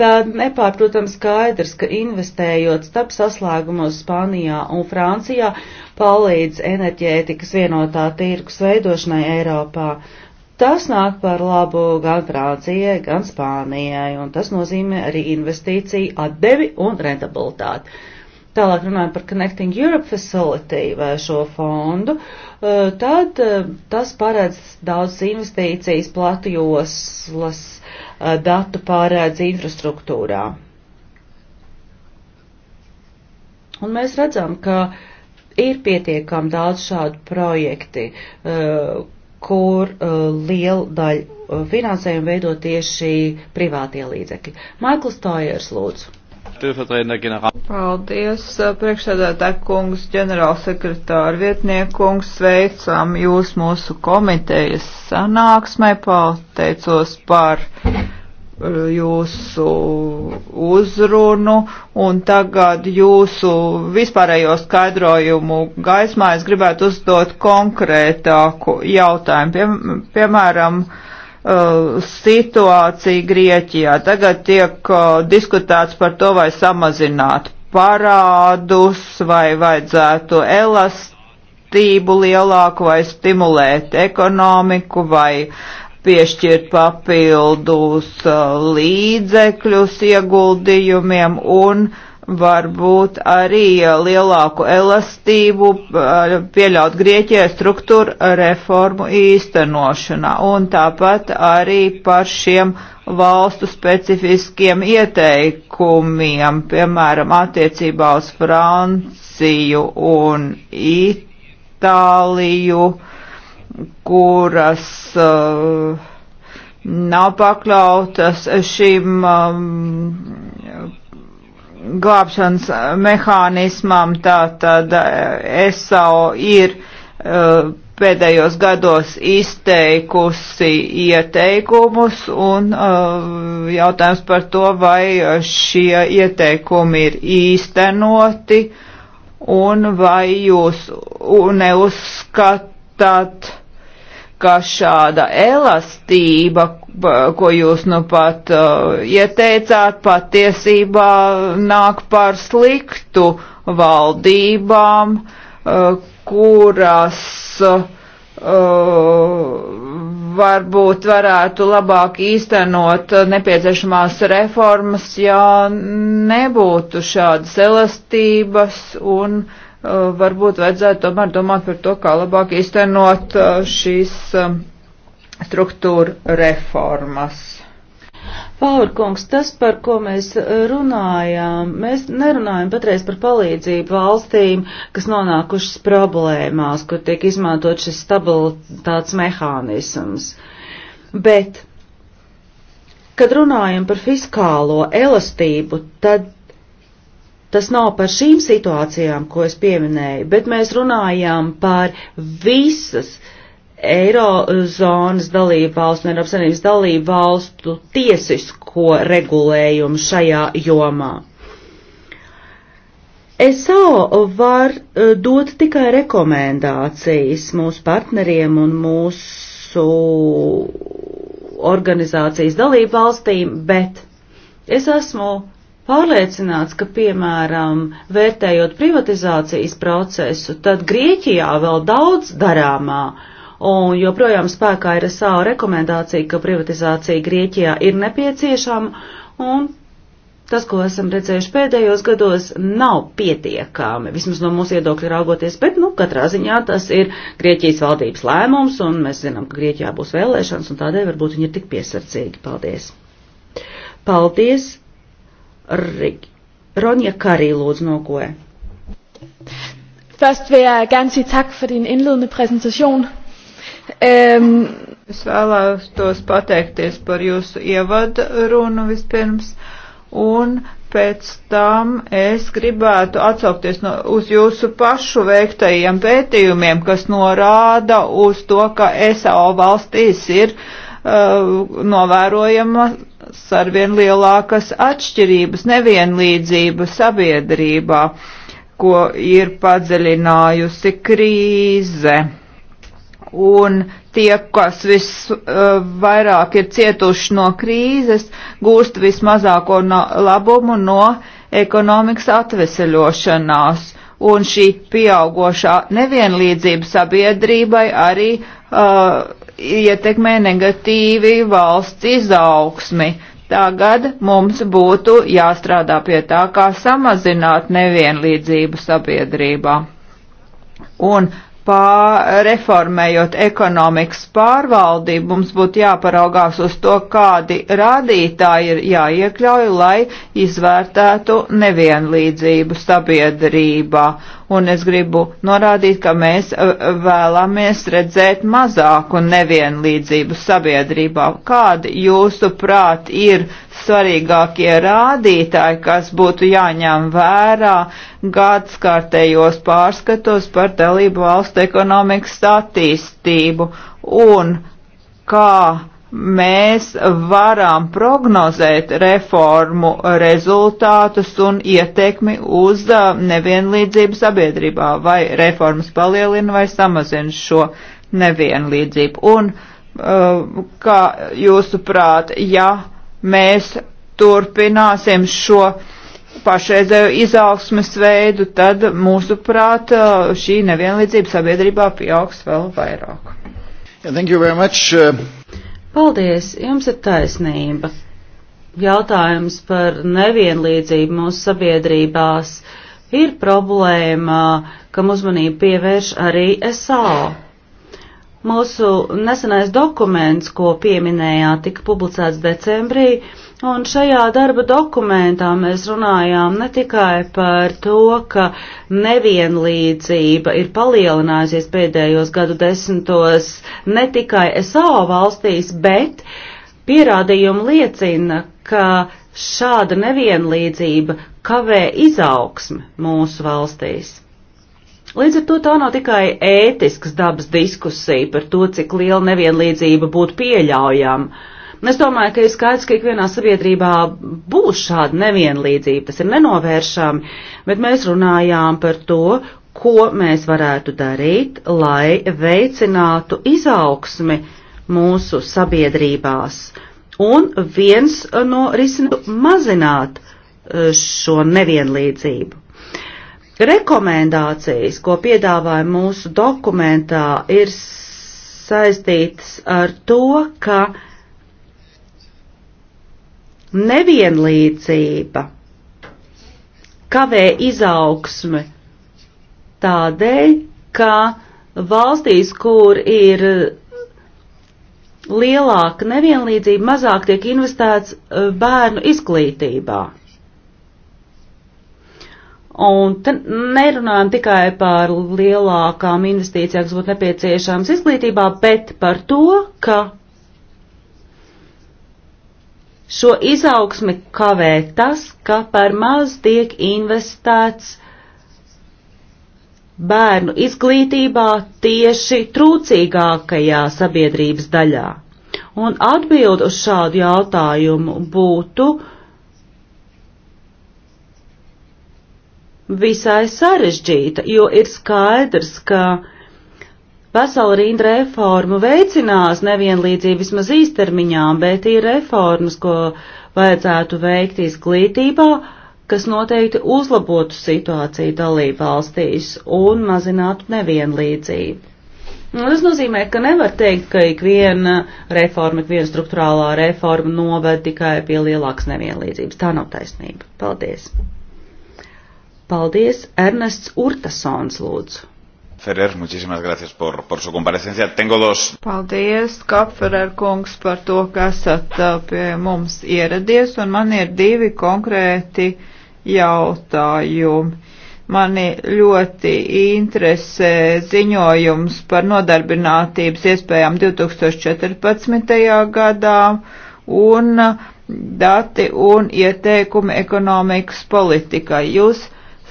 tad nepārprotams skaidrs, ka investējot starp saslēgumos Spānijā un Francijā palīdz enerģētikas vienotā tirgus veidošanai Eiropā. Tas nāk par labu gan Francijai, gan Spānijai, un tas nozīmē arī investīciju atdevi un rentabilitāti. Tālāk runājot par Connecting Europe Facility vai šo fondu, eh, tad eh, tas paredz daudz investīcijas platu joslas eh, datu pārēdz infrastruktūrā. Un mēs redzam, ka ir pietiekami daudz šādu projekti, kur liela daļa finansējuma veido tieši privātie līdzekļi. Maikls Tājers lūdzu stellvertretender General. Paldies, priekšsēdētāj kungs, ģenerālsekretāra vietniekungs, sveicam jūs mūsu komitejas sanāksmē, pateicos par eh, jūsu uzrunu un tagad jūsu vispārējo skaidrojumu gaismā es gribētu uzdot konkrētāku jautājumu. Piem, piemēram, Uh, situācija Grieķijā. Tagad tiek uh, diskutēts par to, vai samazināt parādus, vai vajadzētu elastību lielāku, vai stimulēt ekonomiku, vai piešķirt papildus uh, līdzekļus ieguldījumiem un uh, varbūt arī lielāku elastību eh, pieļaut Grieķijai struktūra reformu īstenošanā un tāpat arī par šiem valstu specifiskiem ieteikumiem, piemēram, attiecībā uz Franciju un Itāliju, kuras uh, nav pakļautas šim um, glābšanas eh, mehānismam, tātad eh, SAO ir eh, pēdējos gados izteikusi ieteikumus un jautājums par to, vai šie ieteikumi ir īstenoti un vai jūs neuzskatāt, ka šāda elastība, ko jūs nu pat uh, ieteicāt, patiesībā nāk par sliktu valdībām, uh, kuras uh, varbūt varētu labāk īstenot nepieciešamās reformas, ja nebūtu šādas elastības un uh, Eh, varbūt vajadzētu tomēr domāt par to, kā labāk īstenot eh, šīs eh, struktūra reformas. Paurkungs, tas, par ko mēs runājām, mēs nerunājam patreiz par palīdzību valstīm, kas nonākušas problēmās, kur tiek izmantot šis stabilitātes mehānisms. Bet, kad runājam par fiskālo elastību, tad Tas nav par šīm situācijām, ko es pieminēju, bet mēs runājām par visas Eirozonas dalību valstu un Eiropas Savienības dalību valstu tiesisko regulējumu šajā jomā. SAO var eh, dot tikai rekomendācijas mūsu partneriem un mūsu organizācijas dalību valstīm, bet es esmu pārliecināts, ka, piemēram, vērtējot privatizācijas procesu, tad Grieķijā vēl daudz darāmā. Un joprojām spēkā ir SAO rekomendācija, ka privatizācija Grieķijā ir nepieciešama, un tas, ko esam redzējuši pēdējos gados, nav pietiekami, vismaz no mūsu iedokļa raugoties, bet, nu, katrā ziņā tas ir Grieķijas valdības lēmums, un mēs zinām, ka Grieķijā būs vēlēšanas, un tādēļ varbūt viņi ir tik piesardzīgi. Paldies! Paldies! Ronja Karī lūdzu nogoja. Først vil jeg gerne sige tak for din indledende præsentation. Um, es vēlētos pateikties par jūsu ievadu runu vispirms, un pēc tam es gribētu atsaukties no, uz jūsu pašu veiktajiem pētījumiem, kas norāda uz to, ka SAO valstīs ir uh, novērojama ar vien lielākas atšķirības, nevienlīdzību sabiedrībā, ko ir padziļinājusi krīze. Un tie, kas visvairāk eh, ir cietuši no krīzes, gūst vismazāko no labumu no ekonomikas atveseļošanās. Un šī pieaugošā nevienlīdzība sabiedrībai arī uh, ietekmē negatīvi valsts izaugsmi. Tagad mums būtu jāstrādā pie tā, kā samazināt nevienlīdzību sabiedrībā. Un pārreformējot ekonomikas pārvaldību, mums būtu jāparaugās uz to, kādi rādītāji ir jāiekļauj, lai izvērtētu nevienlīdzību sabiedrībā un es gribu norādīt, ka mēs e, vēlamies redzēt mazāku nevienlīdzību sabiedrībā. Kādi jūsu prāt ir svarīgākie rādītāji, kas būtu jāņem vērā gadskārtējos pārskatos par dalību valstu ekonomikas attīstību un kā mēs varam prognozēt reformu rezultātus un ietekmi uz nevienlīdzību sabiedrībā, vai reformas palielina vai samazina šo nevienlīdzību. Un kā jūsuprāt, ja mēs turpināsim šo pašreizējo izaugsmes veidu, tad mūsuprāt šī nevienlīdzība sabiedrībā pieaugs vēl vairāk. Yeah, thank you very much. Uh... Paldies, jums ir taisnība. Jautājums par nevienlīdzību mūsu sabiedrībās ir problēma, kam uzmanību pievērš arī SAO. Mūsu nesenais dokuments, ko pieminējāt, tika publicēts decembrī, Un šajā darba dokumentā mēs runājām ne tikai par to, ka nevienlīdzība ir palielinājusies pēdējos gadu desmitos ne tikai SAO valstīs, bet pierādījumi liecina, ka šāda nevienlīdzība kavē izaugsmi mūsu valstīs. Līdz ar to tā nav tikai ētisks dabas diskusija par to, cik liela nevienlīdzība būtu pieļaujama. Un es domāju, ka ir skaidrs, ka ikvienā sabiedrībā būs šāda nevienlīdzība, tas ir nenovēršami, bet mēs runājām par to, ko mēs varētu darīt, lai veicinātu izaugsmi mūsu sabiedrībās. Un viens no risinājumu mazināt eh, šo nevienlīdzību. Rekomendācijas, ko piedāvāja mūsu dokumentā, ir saistītas ar to, ka nevienlīdzība kavē izaugsme tādēļ, ka valstīs, kur ir lielāka nevienlīdzība, mazāk tiek investēts eh, bērnu izglītībā. Un te nerunājam tikai par lielākām investīcijām, kas būtu nepieciešams izglītībā, bet par to, ka Šo izaugsmi kavē tas, ka par maz tiek investēts bērnu izglītībā tieši trūcīgākajā sabiedrības daļā. Un atbild uz šādu jautājumu būtu visai sarežģīta, jo ir skaidrs, ka vesela rinda reformu veicinās nevienlīdzību vismaz īstermiņā, bet ir reformas, ko vajadzētu veikt izglītībā, kas noteikti uzlabotu situāciju dalību valstīs un mazinātu nevienlīdzību. Nu, tas nozīmē, ka nevar teikt, ka ikviena reforma, ikviena struktūrālā reforma noved tikai pie lielākas nevienlīdzības. Tā nav taisnība. Paldies. Paldies, Ernests Urtasons, lūdzu. Ferrer, muchísimas gracias por, por su comparecencia. Tengo dos. Paldies, Kapferer kungs, par to, ka esat pie mums ieradies, un man ir divi konkrēti jautājumi. Mani ļoti interesē ziņojums par nodarbinātības iespējām 2014. gadā un dati un ieteikumi ekonomikas politikai. Jūs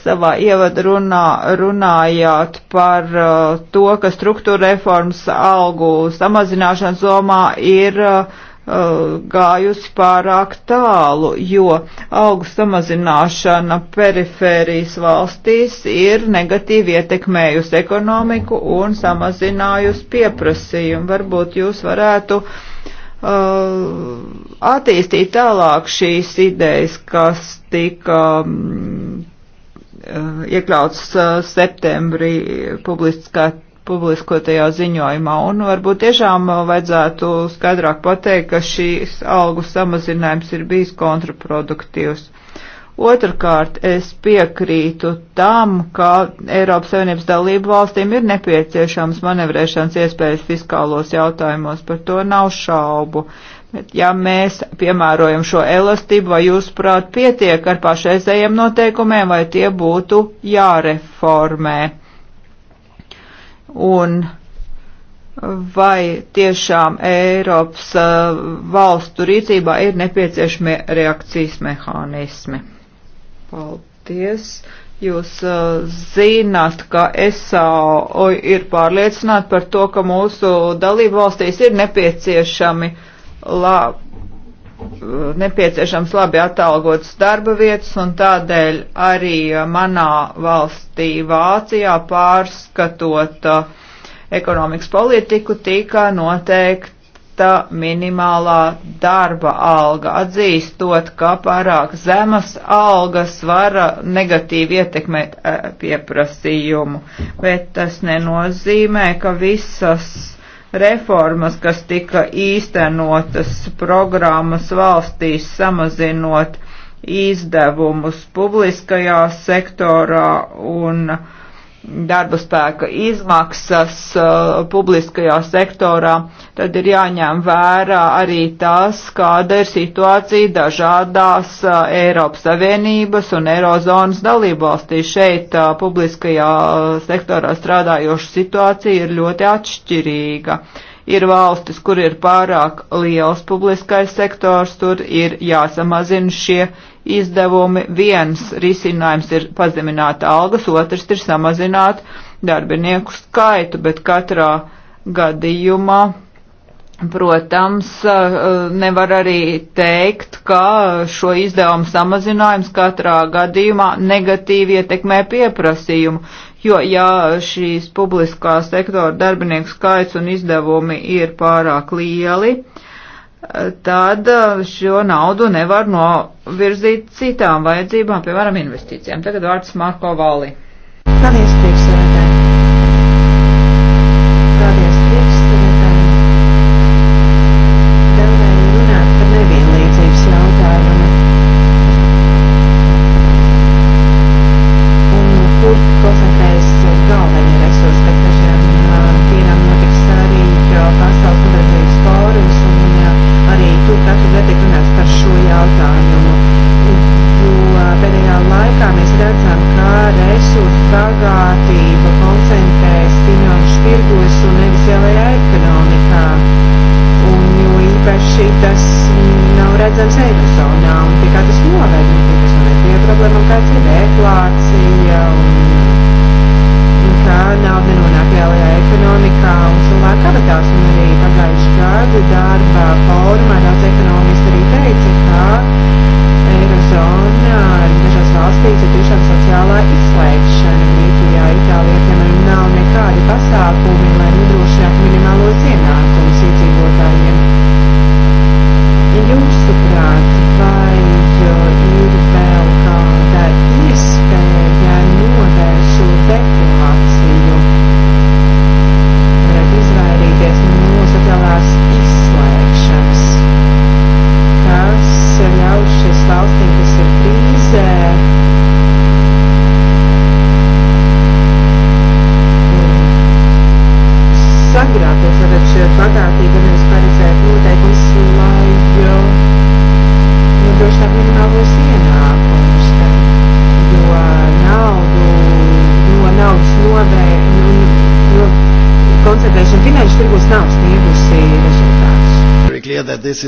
savā ievadrunā runājāt par uh, to, ka struktūra reformas algu samazināšanas lomā ir uh, uh, gājusi pārāk tālu, jo algu samazināšana perifērijas valstīs ir negatīvi ietekmējusi ekonomiku un samazinājusi pieprasījumu. Varbūt jūs varētu uh, attīstīt tālāk šīs idejas, kas tika um, Eh, iekļauts eh, septembrī publiskā publiskotajā ziņojumā, un varbūt tiešām eh, vajadzētu skaidrāk pateikt, ka šīs algu samazinājums ir bijis kontraproduktīvs. Otrakārt, es piekrītu tam, ka Eiropas Savienības dalību valstīm ir nepieciešams manevrēšanas iespējas fiskālos jautājumos, par to nav šaubu, Bet ja mēs piemērojam šo elastību, vai jūs prāt pietiek ar pašreizējiem noteikumiem, vai tie būtu jāreformē? Un vai tiešām Eiropas uh, valstu rīcībā ir nepieciešami reakcijas mehānismi? Paldies! Jūs uh, zināt, ka SAO ir pārliecināta par to, ka mūsu dalību valstīs ir nepieciešami uh, lab, nepieciešams labi atalgotas darba vietas, un tādēļ arī manā valstī Vācijā pārskatot uh, ekonomikas politiku tika noteikta minimālā darba alga, atzīstot, ka pārāk zemas algas var uh, negatīvi ietekmēt uh, pieprasījumu, bet tas nenozīmē, ka visas reformas, kas tika īstenotas programmas valstīs, samazinot izdevumus publiskajā sektorā un uh, darba spēka izmaksas uh, publiskajā sektorā, tad ir jāņem vērā arī tas, kāda ir situācija dažādās uh, Eiropas Savienības un Eirozonas dalībvalstīs. Šeit uh, publiskajā uh, sektorā strādājoša situācija ir ļoti atšķirīga. Ir valstis, kur ir pārāk liels publiskais sektors, tur ir jāsamazina šie izdevumi. Viens risinājums ir pazemināt algas, otrs ir samazināt darbinieku skaitu, bet katrā gadījumā, protams, eh, nevar arī teikt, ka šo izdevumu samazinājums katrā gadījumā negatīvi ietekmē pieprasījumu, jo ja šīs publiskā sektora darbinieku skaits un izdevumi ir pārāk lieli, uh, tad eh, šo naudu nevar novirzīt citām vajadzībām, piemēram, investīcijām. Tagad vārds Marko Vali.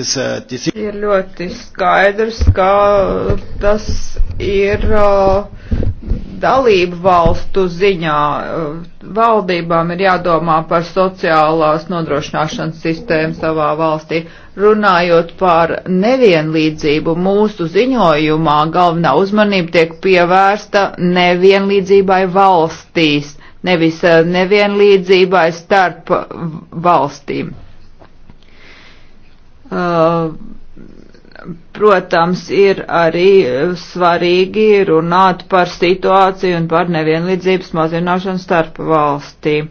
is, uh, this... Ir ļoti skaidrs, ka uh, tas ir uh, dalību valstu ziņā. Uh, valdībām ir jādomā par sociālās nodrošināšanas sistēmu savā valstī. Runājot par nevienlīdzību, mūsu ziņojumā galvenā uzmanība tiek pievērsta nevienlīdzībai valstīs, nevis uh, nevienlīdzībai starp valstīm Protams, ir arī svarīgi runāt par situāciju un par nevienlīdzības mazināšanu starp valstīm.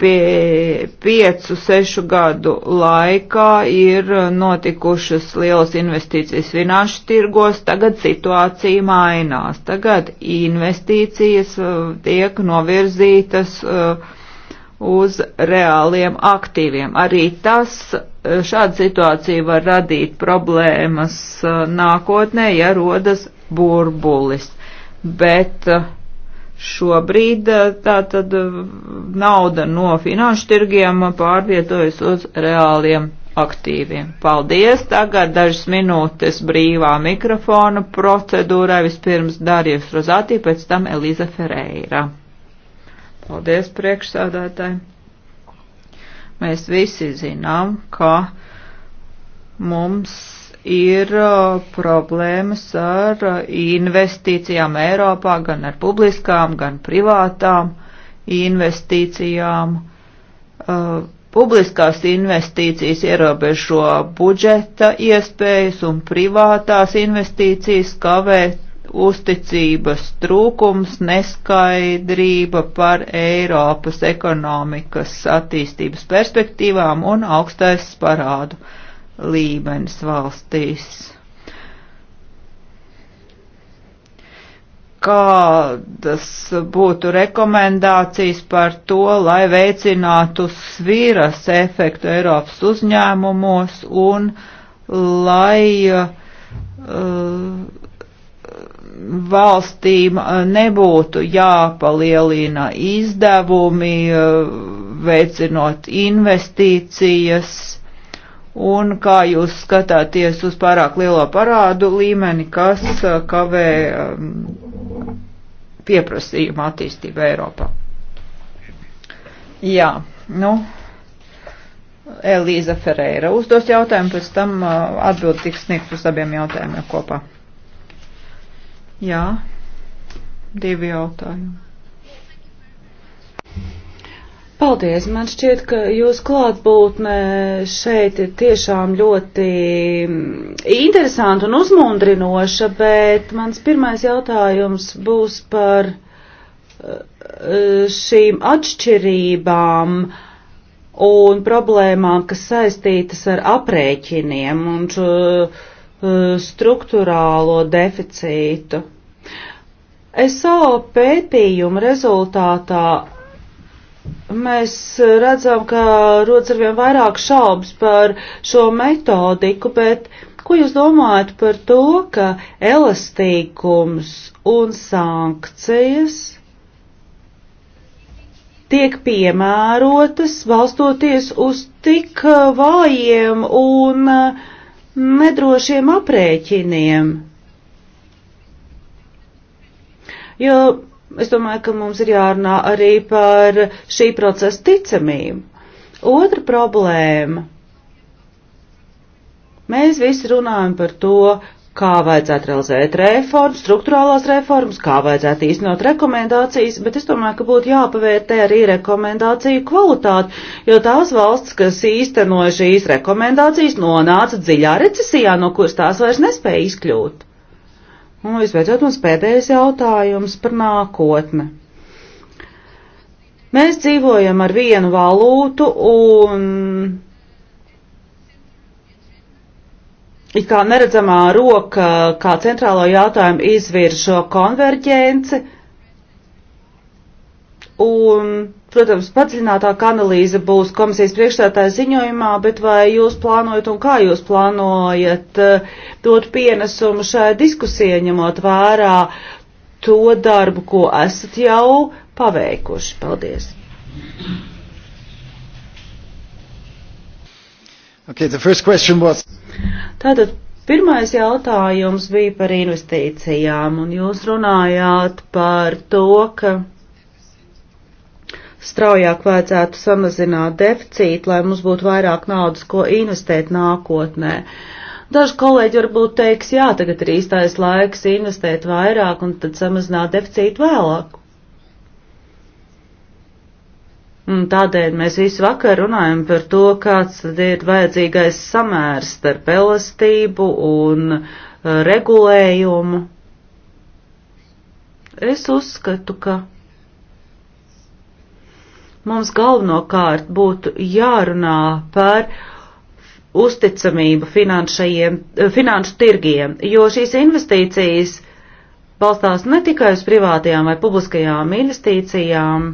Pie piecu, sešu gadu laikā ir notikušas lielas investīcijas finanšu tirgos, tagad situācija mainās. Tagad investīcijas tiek novirzītas uz reāliem aktīviem. Arī tas šāda situācija var radīt problēmas uh, nākotnē, ja rodas burbulis. Bet uh, šobrīd uh, tā tad nauda no finanšu tirgiem pārvietojas uz reāliem aktīviem. Paldies! Tagad dažas minūtes brīvā mikrofona procedūrā vispirms Dārijas Rozātī, pēc tam Elīza Ferreira. Paldies priekšsādātāji! Mēs visi zinām, ka mums ir uh, problēmas ar uh, investīcijām Eiropā, gan ar publiskām, gan privātām investīcijām. Uh, Publiskās investīcijas ierobežo budžeta iespējas un privātās investīcijas kavē uzticības trūkums, neskaidrība par Eiropas ekonomikas attīstības perspektīvām un augstais parādu līmenis valstīs. Kādas būtu rekomendācijas par to, lai veicinātu sviras efektu Eiropas uzņēmumos un lai uh, valstīm eh, nebūtu jāpalielina izdevumi, eh, veicinot investīcijas, un kā jūs skatāties uz pārāk lielo parādu līmeni, kas eh, kavē ehm, pieprasījumu attīstību Eiropā. Jā, nu, Elīza Ferreira uzdos jautājumu, pēc tam atbildi tiks sniegt uz abiem jautājumiem kopā. Jā, divi jautājumi. Paldies! Man šķiet, ka jūs klātbūtne šeit ir tiešām ļoti interesanta un uzmundrinoša, bet mans pirmais jautājums būs par eh, šīm atšķirībām un problēmām, kas saistītas ar aprēķiniem un šo. Uh, Eh, struktūrālo deficītu. SAO pētījuma rezultātā mēs redzam, ka rodas arvien vairāk šaubas par šo metodiku, bet ko jūs domājat par to, ka elastīgums un sankcijas tiek piemērotas balstoties uz tik vājiem un uh, nedrošiem aprēķiniem. Jo es domāju, ka mums ir jārunā arī par šī procesa ticamību. Otra problēma. Mēs visi runājam par to, kā vajadzētu realizēt reformas, struktūrālās reformas, kā vajadzētu īstenot rekomendācijas, bet es domāju, ka būtu jāpavērtē arī rekomendāciju kvalitāti, jo tās valsts, kas īstenoja šīs rekomendācijas, nonāca dziļā recesijā, no kuras tās vairs nespēja izkļūt. Un nu, visbeidzot, mums pēdējais jautājums par nākotni. Mēs dzīvojam ar vienu valūtu un it kā neredzamā roka, kā centrālo jautājumu izviršo konverģenci. Un, protams, padziļinātāka analīze būs komisijas priekšstādātāja ziņojumā, bet vai jūs plānojat un kā jūs plānojat eh, dot pienesumu šai diskusijai, ņemot vērā to darbu, ko esat jau paveikuši? Paldies! Okay, was... Tātad pirmais jautājums bija par investīcijām, un jūs runājāt par to, ka straujāk vajadzētu samazināt deficītu, lai mums būtu vairāk naudas, ko investēt nākotnē. Daži kolēģi varbūt teiks, jā, tagad ir īstais laiks investēt vairāk un tad samazināt deficītu vēlāk. Un tādēļ mēs visu vakar runājam par to, kāds tad ir vajadzīgais samērs starp elastību un uh, regulējumu. Es uzskatu, ka mums galvenokārt būtu jārunā par uzticamību uh, finanšu tirgiem, jo šīs investīcijas balstās ne tikai uz privātajām vai publiskajām investīcijām,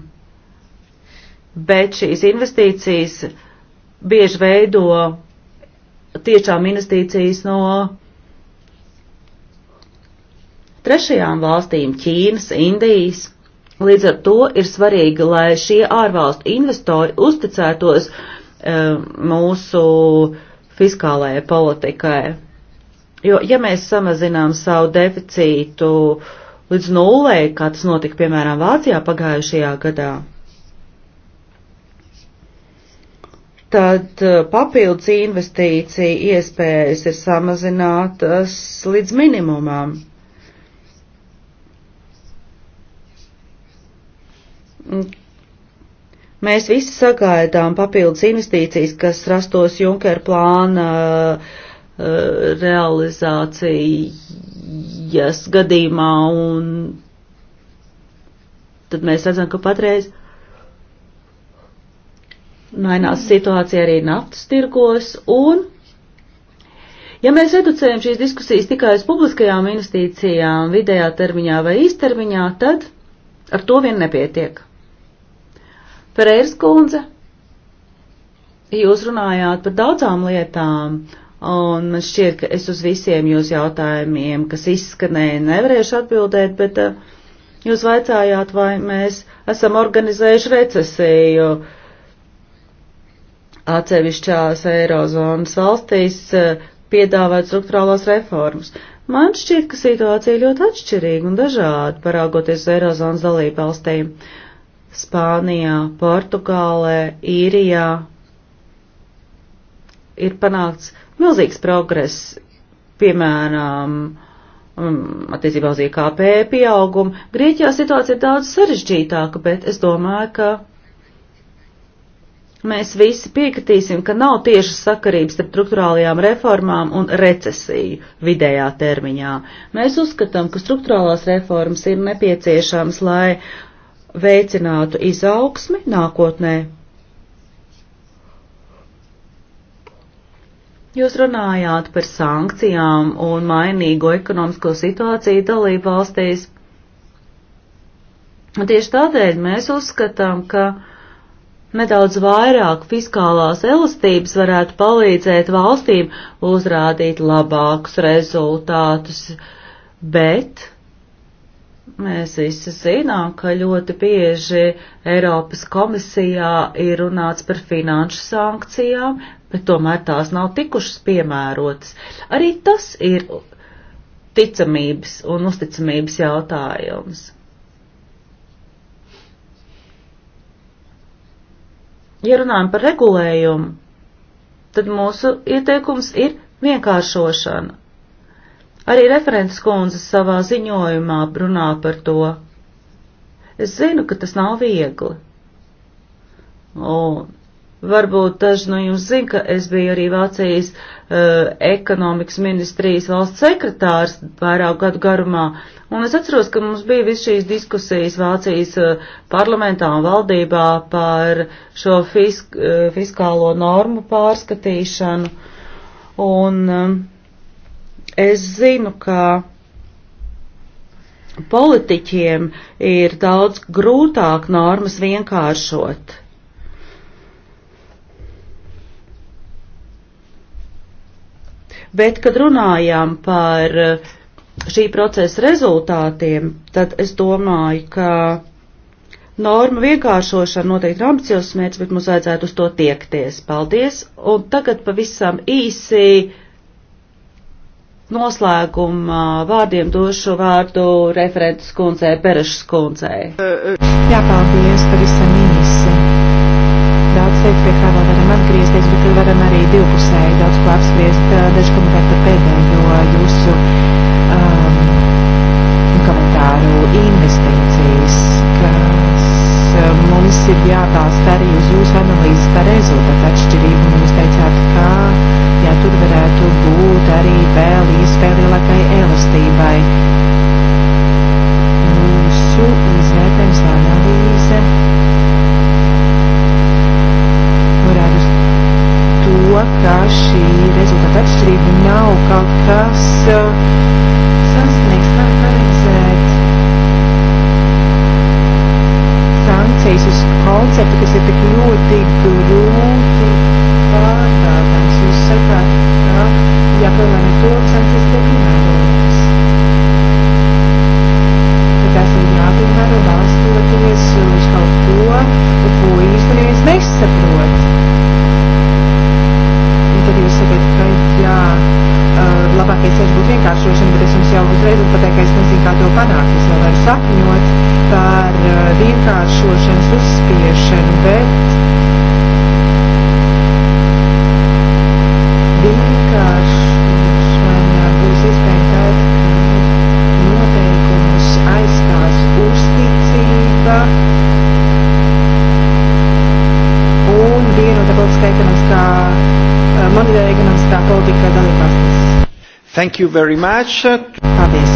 bet šīs investīcijas bieži veido tiešām investīcijas no trešajām valstīm - Ķīnas, Indijas. Līdz ar to ir svarīgi, lai šie ārvalstu investori uzticētos e, mūsu fiskālajai politikai. Jo, ja mēs samazinām savu deficītu līdz nulē, kā tas notika, piemēram, Vācijā pagājušajā gadā, tad uh, papildus investīcija iespējas ir samazinātas līdz minimumam. Mēs visi sagaidām papildus investīcijas, kas rastos Junker plāna uh, realizācijas gadījumā, un tad mēs redzam, ka patreiz uh, mainās situācija arī naftas tirgos, un, ja mēs reducējam šīs diskusijas tikai uz publiskajām investīcijām vidējā termiņā vai īstermiņā, tad ar to vien nepietiek. Pereiras kundze, jūs runājāt par daudzām lietām, un man šķiet, ka es uz visiem jūs jautājumiem, kas izskanēja, nevarēšu atbildēt, bet uh, jūs vaicājāt, vai mēs esam organizējuši recesiju. Uh, atsevišķās eirozonas valstīs eh, piedāvāt struktūrālās reformas. Man šķiet, ka situācija ļoti atšķirīga un dažāda, paraugoties uz eirozonas dalību valstīm - Spānijā, Portugālē, Īrijā. Ir panākts milzīgs progress, piemēram, mm, attiecībā uz IKP pieaugumu. Grieķijā situācija ir daudz sarežģītāka, bet es domāju, ka mēs visi piekritīsim, ka nav tieši sakarības starp struktūrālajām reformām un recesiju vidējā termiņā. Mēs uzskatām, ka struktūrālās reformas ir nepieciešams, lai veicinātu izaugsmi nākotnē. Jūs runājāt par sankcijām un mainīgo ekonomisko situāciju dalību valstīs. Tieši tādēļ mēs uzskatām, ka Nedaudz vairāk fiskālās elastības varētu palīdzēt valstīm uzrādīt labākus rezultātus, bet mēs visi zinām, ka ļoti bieži Eiropas komisijā ir runāts par finanšu sankcijām, bet tomēr tās nav tikušas piemērotas. Arī tas ir ticamības un uzticamības jautājums. Ja runājam par regulējumu, tad mūsu ieteikums ir vienkāršošana. Arī referents kundze savā ziņojumā runā par to. Es zinu, ka tas nav viegli. Un varbūt daži no jums zina, ka es biju arī Vācijas uh, Eh, ekonomikas ministrijas valsts sekretārs vairāk gadu garumā. Un es atceros, ka mums bija viss šīs diskusijas Vācijas eh, parlamentā un valdībā par šo fisk eh, fiskālo normu pārskatīšanu. Un es zinu, ka politiķiem ir daudz grūtāk normas vienkāršot bet kad runājām par eh, šī procesa rezultātiem, tad es domāju, ka norma vienkāršošana noteikti ir ambiciozs mērķis, bet mums vajadzētu uz to tiekties. Paldies! Un tagad pavisam īsi noslēguma vārdiem došu vārdu referentes kundzei, Perešas kundzei. Jā, paldies pavisam divpusēji daudz ko apspriest. Daži komentāri par pēdējo jūsu um, komentāru investīcijas, kas um, mums ir jābalsta arī uz jūsu analīzes par rezultātu atšķirību. Un jūs teicāt, ka jā, tur varētu būt arī vēl iespēja lielākai elastībai. Jūsu Thank you very much. Paldies.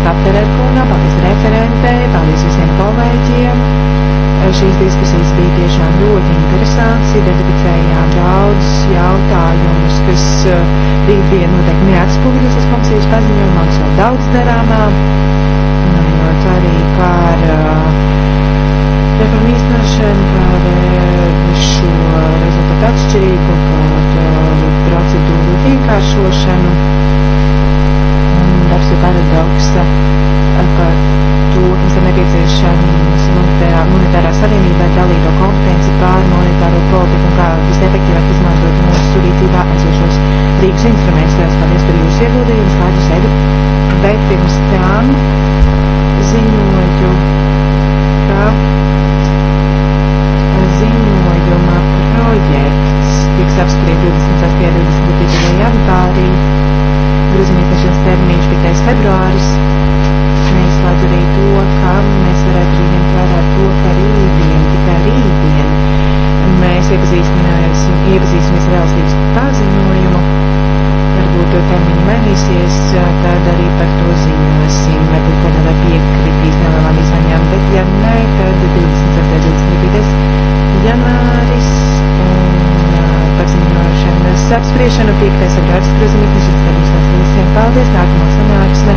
Tāpēc, kungam, paldies referentei, paldies visiem kolēģiem. Šīs diskusijas bija tiešām ļoti interesants. Identificējām daudzus jautājumus, kas eh, rītdien noteikti neatspūgļosies komisijas paziņojumā. Mums vēl daudz darāmā, runājot arī par eh, reformu īstenošanu, par eh, šo rezultātu atšķirību, par procedūru vienkāršošanu. Un darbs ir paradoksa par to, kas ir nepieciešams monetārā, monetārā savienībā dalīto kompetenci pār monetāro politiku un kā visefektīvāk izmantot mūsu rīcībā esošos līgas instrumentus. Lielas paldies par jūsu ieguldījumu, slēdzu sevi, bet pirms tam ziņoju, ka ziņojuma projekts tiks apspriest 26. un 27. janvārī. Grozījuma iesniegšanas termiņš 5. februāris. Neizslēdz arī to, ka mēs varētu ņemt vērā to, ka rītdien, tikai rītdien, mēs iepazīstināsim, iepazīsimies ar elastības paziņojumu. Varbūt termiņi mainīsies, tad arī par to ziņosim. Varbūt Kanada piekritīs nelielām izmaiņām, bet ja nē, tad 24. un 25. janvāris paziņošanas apspriešanu. 5. februārs grozījums izdarīsies visiem. Paldies! Nākamā sanāksme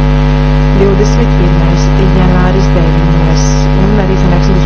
21. janvāris 9. un arī sanāksme